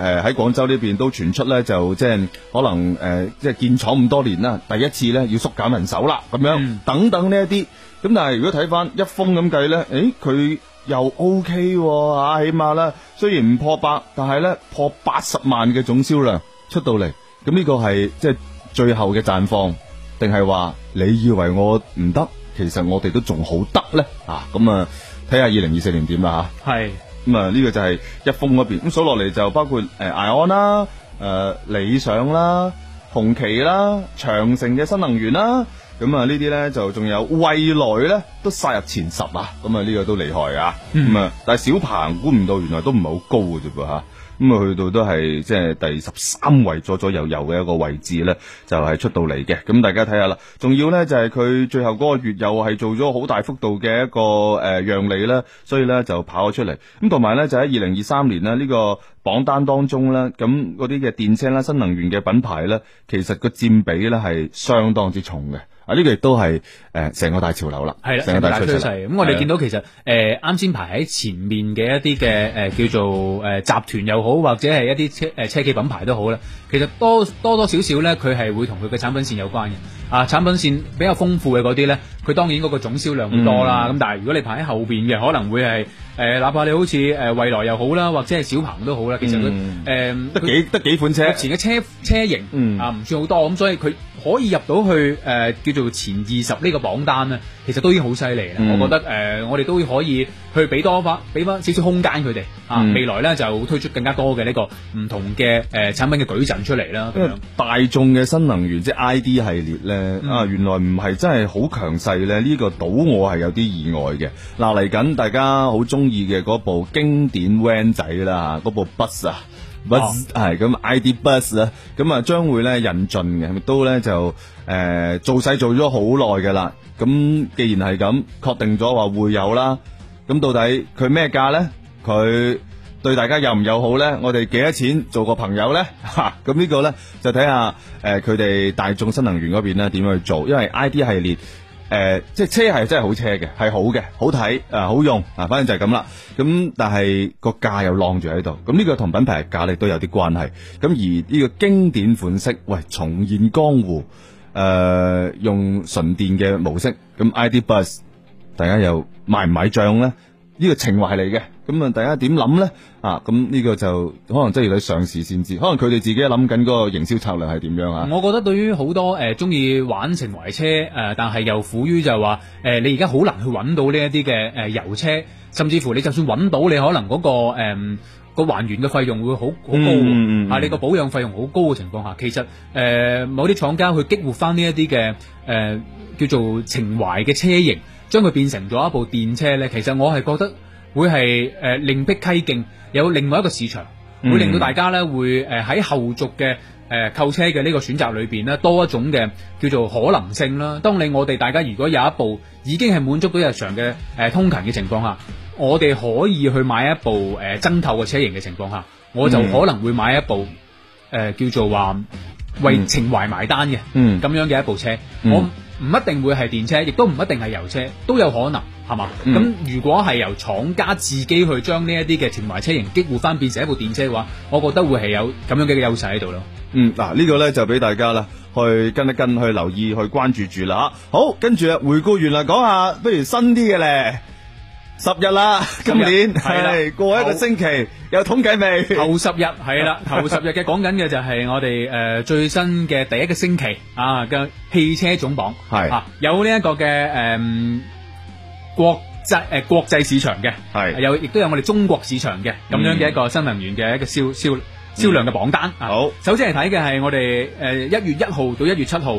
誒喺廣州呢邊都傳出咧，就即係可能誒即係建廠咁多年啦，第一次咧要縮減人手啦，咁樣等等呢一啲。咁但係如果睇翻一豐咁計咧，咦、欸，佢又 O K 喎，起碼咧雖然唔破百，但係咧破八十萬嘅總銷量出到嚟，咁呢個係即係最後嘅綻放，定係話你以為我唔得？其實我哋都仲好得咧，啊，咁是啊，睇下二零二四年點啦吓。係，咁啊呢個就係一封嗰邊，咁數落嚟就包括誒，埃、呃、安啦，誒、呃，理想啦，紅旗啦，長城嘅新能源啦，咁啊呢啲咧就仲有蔚來咧都殺入前十啊，咁啊呢、呢個都厲害啊，咁、嗯、啊，但係小鵬估唔到原來都唔係好高嘅啫噃吓。啊咁去到都係即係第十三位左左右右嘅一個位置呢，就係出到嚟嘅。咁大家睇下啦，仲要呢，就係佢最後嗰個月又係做咗好大幅度嘅一個誒讓利啦，所以呢，就跑咗出嚟。咁同埋呢，就喺二零二三年呢，呢個榜單當中呢，咁嗰啲嘅電車啦、新能源嘅品牌呢，其實個佔比呢係相當之重嘅。啊！呢、這個亦都係誒，成、呃、個大潮流啦，成的大趨勢。咁我哋見到其實誒，啱先是的、呃、排喺前面嘅一啲嘅誒，叫做誒、呃、集團又好，或者係一啲車誒、呃、車企品牌都好啦。其實多多多少少咧，佢係會同佢嘅產品線有關嘅。啊，產品線比較豐富嘅啲咧，佢當然嗰個總銷量咁多啦。咁、嗯、但係如果你排喺後邊嘅，可能會係誒、呃、哪怕你好似誒蔚來又好啦，或者係小鵬都好啦。其實佢誒、呃、得幾它得幾款車，目前嘅車車型、嗯、啊唔算好多，咁所以佢可以入到去誒、呃、叫做前二十呢個榜單咧，其實都已經好犀利啦。嗯、我覺得誒、呃、我哋都可以去俾多翻俾翻少少空間佢哋啊。未來咧就推出更加多嘅呢個唔同嘅誒、呃、產品嘅矩陣出嚟啦。咁大眾嘅新能源即係、就是、ID 系列咧。嗯、啊，原來唔係真係好強勢咧，呢、呢個賭我係有啲意外嘅。嗱、啊，嚟緊大家好中意嘅嗰部經典 van 仔啦，嗰部 bus 啊、哦、bus 係咁 id bus 啊，咁啊將會咧引進嘅，都咧就誒、呃、做細做咗好耐嘅啦。咁既然係咁，確定咗話會有啦，咁到底佢咩價咧？佢對大家又唔友好呢，我哋幾多錢做個朋友呢？吓，咁呢個呢，就睇下誒，呃、佢哋大眾新能源嗰邊呢點樣去做？因為 ID 系列誒、呃，即係車系真係好車嘅，係好嘅，好睇誒、呃，好用啊！反正就係咁啦。咁但係個價又晾住喺度，咁呢個同品牌價力都有啲關係。咁而呢個經典款式，喂重現江湖誒、呃，用純電嘅模式，咁 ID Bus 大家又買唔買賬呢？呢個情懷嚟嘅。咁啊！大家點諗呢？啊，咁呢個就可能真係要你上市先知。可能佢哋自己諗緊嗰個營銷策略係點樣啊？我覺得對於好多誒中意玩情懷車誒、呃，但係又苦於就係話、呃、你而家好難去揾到呢一啲嘅誒油車，甚至乎你就算揾到，你可能嗰、嗰個誒個、呃、還原嘅費用會好好高、嗯、啊！你個保養費用好高嘅情況下，其實誒、呃、某啲廠家去激活翻呢一啲嘅誒叫做情懷嘅車型，將佢變成咗一部電車咧，其實我係覺得。會係誒、呃、另闢蹊境，有另外一個市場，會令到大家呢會誒喺、呃、後續嘅誒購車嘅呢個選擇裏面呢多一種嘅叫做可能性啦。當你我哋大家如果有一部已經係滿足到日常嘅、呃、通勤嘅情況下，我哋可以去買一部誒增購嘅車型嘅情況下，我就可能會買一部誒、呃、叫做話為情懷埋單嘅咁、嗯、樣嘅一部車。我、嗯嗯唔一定會係電車，亦都唔一定係油車，都有可能，係嘛？咁、嗯、如果係由廠家自己去將呢一啲嘅情懷車型激活翻，變成一部電車嘅話，我覺得會係有咁樣嘅一個優勢喺度咯。嗯，嗱、啊、呢、呢個呢就俾大家啦，去跟一跟，去留意，去關注住啦、啊。好，跟住啊，回顧原來講下，不如新啲嘅咧。十日啦，今年係嚟，過一個星期有統計未？頭十日係啦，頭十日嘅，講緊嘅，就係我哋誒最新嘅第一個星期啊，嘅汽車總榜係啊，有呢一個嘅誒國際誒國際市場嘅係有，亦都有我哋中國市場嘅咁樣嘅一個新能源嘅一個銷銷銷量嘅榜單。好，首先係睇嘅係我哋誒一月一號到一月七號。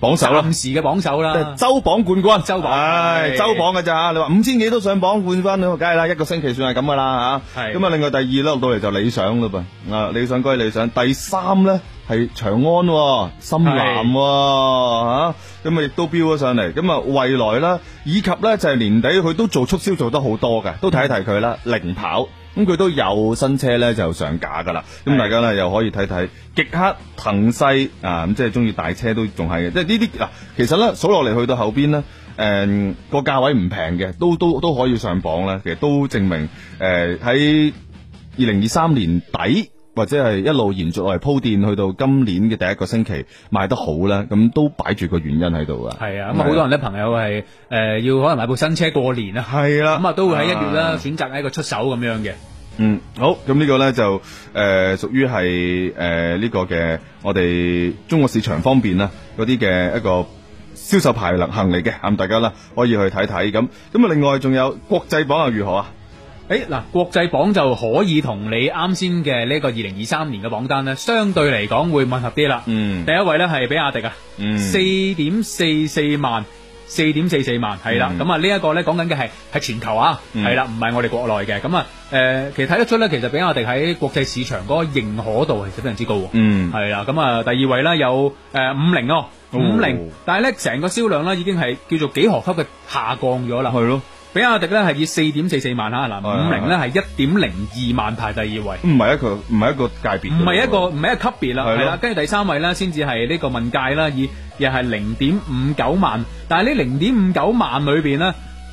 榜首啦，臨時嘅榜首啦，周榜冠軍，周榜，唉是，周榜嘅咋？你話五千幾都上榜冠軍，梗係啦，一個星期算係咁噶啦吓。咁是啊，另外第二咧落到嚟就理想啦噃，啊，理想歸理想，第三咧係長安、啊、深藍、啊，吓是，咁啊亦都飆咗上嚟，咁啊蔚來啦以及咧就係、是、年底佢都做促銷做得好多嘅，都提一提佢啦，嗯、零跑。咁佢都有新車咧，就上架噶啦。咁大家咧的又可以睇睇，極氪、騰勢，啊，咁即係中意大車都仲係嘅。即係呢啲嗱，其實咧數落嚟去到後邊咧，誒、嗯、個價位唔平嘅，都都都可以上榜啦。其實都證明誒喺二零二三年底。或者係一路延續為鋪墊，去到今年嘅第一個星期賣得好啦，咁都擺住個原因喺度嘅。係啊，咁啊好多人咧朋友係誒、呃、要可能買部新車過年啊，係啦，咁啊都會喺一月啦選擇喺個出手咁樣嘅、啊。嗯，好，咁呢就、呃屬於是呃這個咧就誒屬於係誒呢個嘅我哋中國市場方面啦，嗰啲嘅一個銷售排能行嚟嘅，咁、嗯、大家啦可以去睇睇。咁咁啊，另外仲有國際榜又如何啊？誒，嗱、哎，國際榜就可以同你啱先嘅呢個二零二三年嘅榜單呢相對嚟講會吻合啲啦。嗯，第一位呢係比亞迪啊，四點四四萬，四點四四萬係啦。咁啊，呢一、嗯、個呢講緊嘅係係全球啊，係啦、嗯，唔係我哋國內嘅。咁啊，誒、呃，其實睇得出呢其實比亞迪喺國際市場嗰個認可度其實非常之高、啊。嗯，係啦。咁啊，第二位呢有誒五菱哦，五菱、哦，但係咧成個銷量呢已經係叫做幾何級嘅下降咗啦。係咯。比亞迪咧係以四點四四萬吓，嗱，五菱咧係一點零二萬排第二位，唔係一個唔係一個界別，唔係一個唔係是的 一個級別啦，係啦，跟住第三位咧先至係呢個問界啦，以又係零點五九萬，但係呢零點五九萬裏邊咧。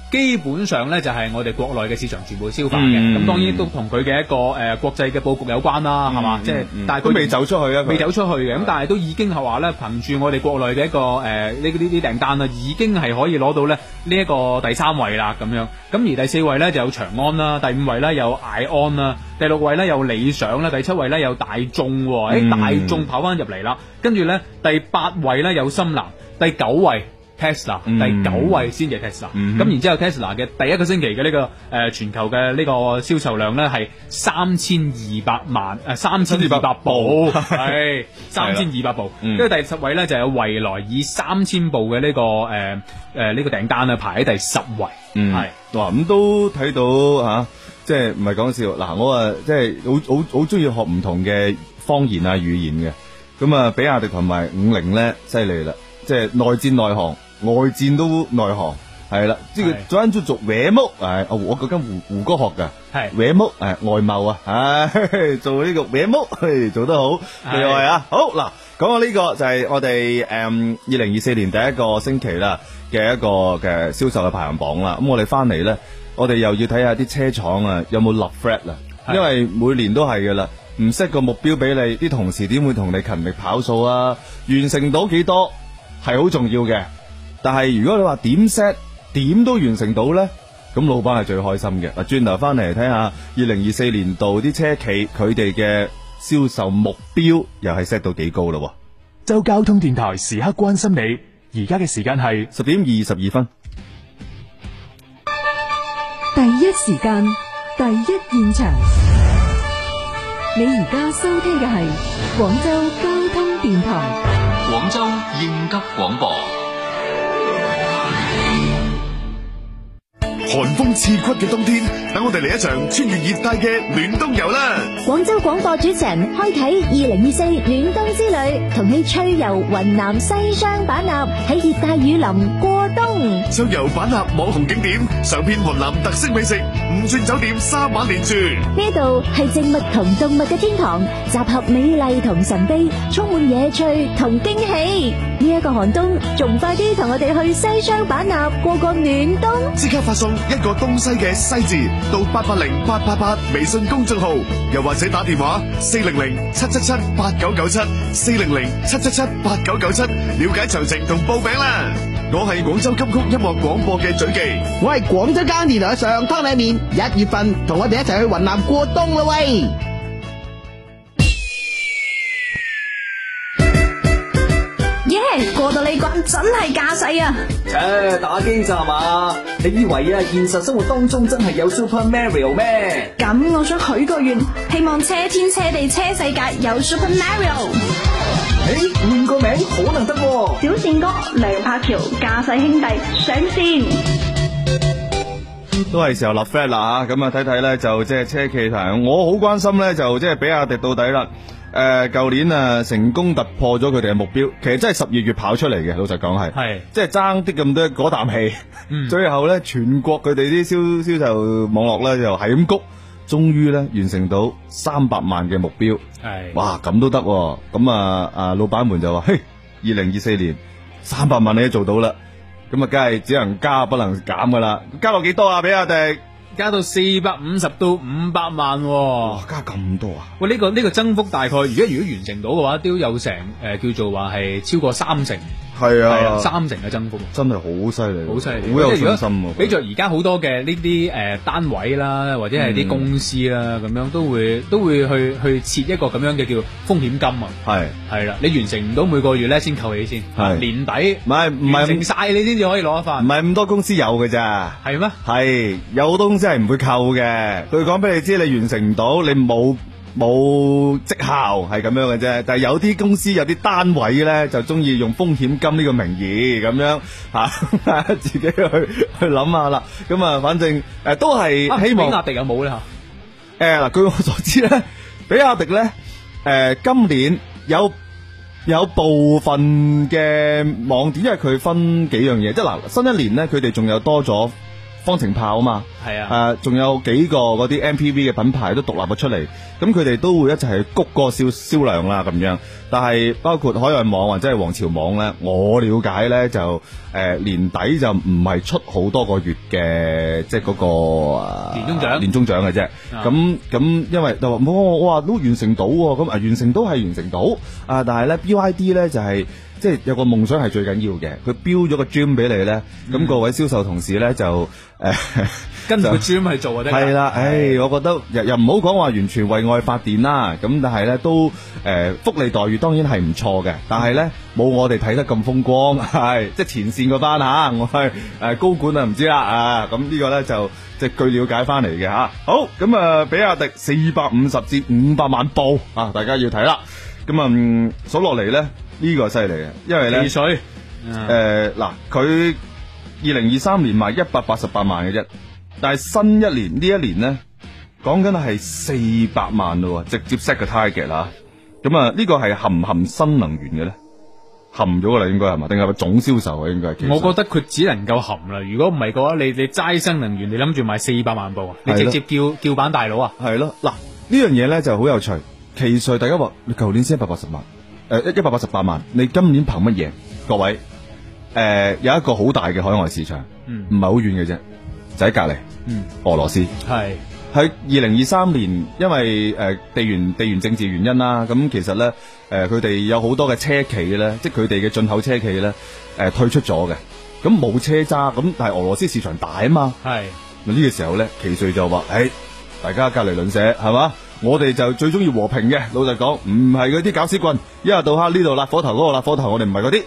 基本上呢，就係、是、我哋國內嘅市場全部消化嘅，咁、嗯、當然都同佢嘅一個誒、呃、國際嘅布局有關啦，係嘛？即係，但係佢未走出去啊，未走出去嘅，咁是的 但係都已經係話呢，憑住我哋國內嘅一個誒呢呢啲訂單啊，已經係可以攞到呢一個第三位啦，咁樣。咁而第四位呢，就有長安啦，第五位呢，有埃安啦，第六位呢，有理想啦，第七位呢，有大眾，誒、嗯欸、大眾跑翻入嚟啦，跟住呢，第八位呢，有深藍，第九位。Tesla、嗯、第九位先係 Tesla，咁、嗯、哼然之後 Tesla 嘅第一個星期嘅呢、這個誒、呃、全球嘅呢個銷售量咧係三千二百萬，誒三千二百部，係三千二百部。跟住的第十位咧就有蔚來以三千部嘅呢、這個誒誒呢個訂單啊排喺第十位，係、嗯，是哇咁都睇到吓、啊，即係唔係講笑嗱？我啊即係好好好中意學唔同嘅方言啊語言嘅咁啊，比亞迪同埋五菱咧犀利啦，即係內戰內行。外戰都內行係啦，呢個做緊叫做歪木，係我我嗰間胡胡哥學嘅係歪木，外貌啊，係做呢個歪木，係做得好，兩位啊好嗱。講下呢個就係我哋誒二零二四年第一個星期啦嘅一個嘅銷售嘅排行榜啦。咁我哋翻嚟咧，我哋又要睇下啲車廠啊有冇立 flat 啦，是因為每年都係㗎啦，唔 set 個目標俾你，啲同事點會同你勤力跑數啊？完成到幾多係好重要嘅。但係如果你話點 set 點都完成到呢？咁老闆係最開心嘅。啊，轉頭翻嚟睇下二零二四年度啲車企佢哋嘅銷售目標又係 set 到幾高咯喎？廣州交通電台時刻關心你。而家嘅時間係十點二十二分。第一時間，第一現場。你而家收聽嘅係廣州交通電台，廣州應急廣播。寒風刺骨嘅冬天，等我哋嚟一場穿越熱帶嘅暖冬遊啦！廣州廣播主持人開啟二零二四暖冬之旅，同你趣遊雲南西雙版納，喺熱帶雨林過冬，暢遊版納網紅景點，嘗遍雲南特色美食，五鑽酒店三晚連住。呢度係植物同動物嘅天堂，集合美麗同神秘，充滿野趣同驚喜。呢、這、一個寒冬，仲快啲同我哋去西雙版納過個暖冬！即刻發送。一個東西嘅西字，到八八零八八八微信公眾號，又或者打電話四零零七七七八九九七，四零零七七七八九九七，7, 7，了解詳情同報名啦。我係廣州金曲音樂廣播嘅嘴記，我係廣州嘉年華上湯拉麵，一月份同我哋一齊去雲南過冬啦喂。過到呢關真係架勢啊！切打機咋嘛？你以為啊，現實生活當中真係有 Super Mario 咩？咁我想許個願，希望車天車地車世界有 Super Mario。誒，換個名可能得？小健哥、梁柏喬架勢兄弟上線。都係時候立 flag 啦吓，咁啊睇睇咧就即係車企台，我好關心咧就即係比亞迪到底啦。誒、舊、呃、年啊，成功突破咗佢哋嘅目標，其實真係十二月跑出嚟嘅，老實講係，係是 即係爭啲咁多嗰啖氣，嗯，最後咧全國佢哋啲銷銷售網絡咧就係咁谷，終於咧完成到三百萬嘅目標，係是，哇咁都得，咁啊啊老闆們就話，嘿，二零二四年三百萬你都做到啦，咁啊梗係只能加不能減噶啦，加落幾多啊，比亞迪？加到四百五十到五百萬、哦、哇，加咁多啊！喂、呢個，呢個呢個增幅大概，而家如果完成到嘅話，都有成誒、呃，叫做話係超過三成。係啊，三成嘅增幅，真係好犀利，好犀利，好有信心啊！比著而家好多嘅呢啲誒單位啦，或者係啲公司啦，咁、嗯、樣都會都會去去設一個咁樣嘅叫風險金啊！係係啦，你完成唔到每個月咧，先扣起先，是年底唔係唔係完成晒你先至可以攞返，唔係咁多公司有嘅啫，係咩嗎？係有好多公司係唔會扣嘅，佢講俾你知你完成唔到，你冇。冇績效係咁樣嘅啫，但、就、係、是、有啲公司有啲單位咧，就中意用風險金呢個名義咁樣、啊、自己去去諗下啦。咁啊，反正、呃、反正都係希望。啊、比亞迪就冇咧嚇。誒嗱、呃，據我所知咧，比亞迪咧、呃，今年有有部分嘅網點因為佢分幾樣嘢，即係嗱新一年咧，佢哋仲有多咗。方程豹啊嘛，係啊，誒仲有幾個嗰啲 MPV 嘅品牌都獨立咗出嚟，咁佢哋都會一齊去谷個銷銷量啦咁樣。但係包括海外網或者係王朝網咧，我瞭解咧就，誒年底就唔係出好多個月嘅，即係嗰個年終獎年終獎嘅啫。咁咁因為就話冇我我話都完成到喎，咁啊完成都係完成到啊，但係咧 BYD 咧就係。即係有個夢想係最緊要嘅，佢標咗個 dream 俾你咧，咁各位銷售同事咧就誒跟住個 dream 去做啊！係啦，唉，我覺得又又唔好講話完全為愛發電啦，咁但係咧都誒、呃、福利待遇當然係唔錯嘅，但係咧冇我哋睇得咁風光係的，即係前線嗰班吓、啊，我係誒、啊、高管啊，唔知啦啊，咁呢個咧就即係據了解翻嚟嘅吓，好咁啊比亞迪四百五十至五百萬部，啊，大家要睇啦。咁啊，數落嚟咧，呢、這個係犀利嘅，因為咧，奇瑞誒，嗱、呃，佢二零二三年賣一百八十八萬嘅啫，但係新一年呢一年咧，講緊係四百萬咯，直接 set 個 target 啦。咁啊，呢、啊這個係含唔含新能源嘅咧？含咗啦，應該係嘛？定係個總銷售啊？應該係。我覺得佢只能夠含啦。如果唔係嘅話，你你齋新能源，你諗住賣四百萬部啊？你直接叫的叫板大佬啊？係咯，嗱，這個、呢樣嘢咧就好有趣。奇瑞大家話，你舊年先一百八十萬，誒一一百八十八萬，你今年憑乜嘢？各位，誒、呃、有一個好大嘅海外市場，唔係好遠嘅啫，就喺隔籬，嗯、俄羅斯係喺二零二三年，因為誒、呃、地緣地緣政治原因啦，咁其實咧，誒佢哋有好多嘅車企咧，即係佢哋嘅進口車企咧，誒、呃、退出咗嘅，咁冇車揸，咁但係俄羅斯市場大啊嘛，係是，咁呢個時候咧，奇瑞就話，誒、欸、大家隔籬鄰舍係嘛。嗯我哋就最中意和平嘅，老實講，唔係嗰啲搞屎棍，一日到黑呢度啦，火頭嗰度啦，火頭我哋唔係嗰啲，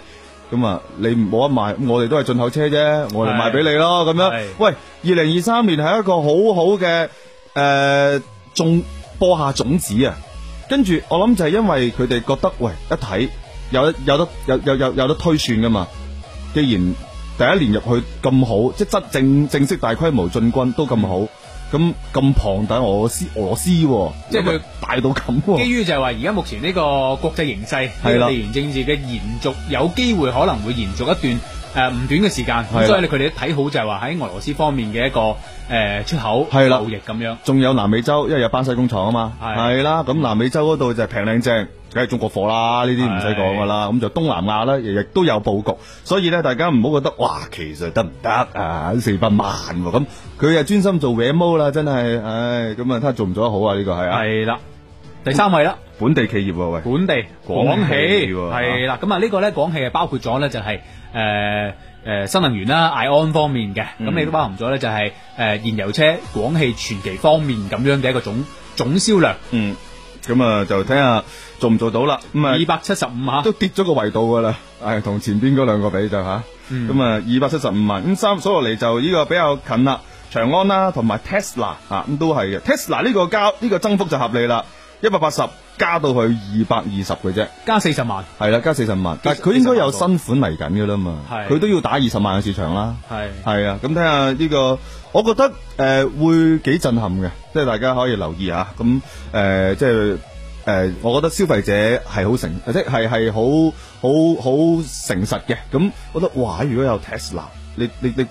咁啊，你冇得賣，我哋都係進口車啫，我哋賣俾你咯，咁樣。喂，二零二三年係一個好好嘅，誒，種播下種子啊，跟住我諗就係因為佢哋覺得，喂，一睇有有得有有有有得推算噶嘛，既然第一年入去咁好，即係正正式大規模進軍都咁好。咁咁龐大俄羅斯俄羅斯，即係佢大到咁。基於就係話，而家目前呢個國際形勢係地緣政治嘅延續，有機會可能會延續一段誒唔短嘅時間。咁所以咧，佢哋睇好就係話喺俄羅斯方面嘅一個誒出口係啦，貿易咁樣。仲有南美洲，因為有巴西工廠啊嘛，係啦。咁南美洲嗰度就係平靚正。梗係中國貨啦，呢啲唔使講噶啦，咁就是的 東南亞咧，日日都有布局，所以咧，大家唔好覺得哇，其實得唔得啊？四百萬、啊，咁佢又專心做搲毛啦，真係，唉、哎，咁啊，睇下做唔做得好啊？呢、這個係啊，係啦，第三位啦，本地企業喎、啊，喂，本地廣汽係啦，咁汐汐啊，是的這個呢個咧，廣汽係包括咗咧、就是，就係誒誒，新能源啦，ION 方面嘅，咁、嗯、你都包含咗咧，就係誒，燃油車廣汽傳祺方面咁樣嘅一個總總銷量，嗯。咁、嗯、啊，就睇下做唔做到啦？咁啊，二百七十五萬都跌咗個維度噶啦，係、哎、同前邊嗰兩個比就吓咁啊，二百七十五萬咁三數落嚟就呢個比較近啦。長安啦、啊，同埋、啊、Tesla 吓咁都係嘅 Tesla 呢個交呢、呢個增幅就合理啦，一百八十。加到去二百二十嘅啫，加四十萬，係啦，加四十萬，但係佢應該有新款嚟緊嘅啦嘛，佢都要打二十萬嘅市場啦，係的，係啊的，咁睇下呢、這個，我覺得誒、呃、會幾震撼嘅，即係大家可以留意下，咁誒即係誒我覺得消費者係好誠，即係係好好好誠實嘅，咁我覺得哇，如果有 Tesla，你你你。你你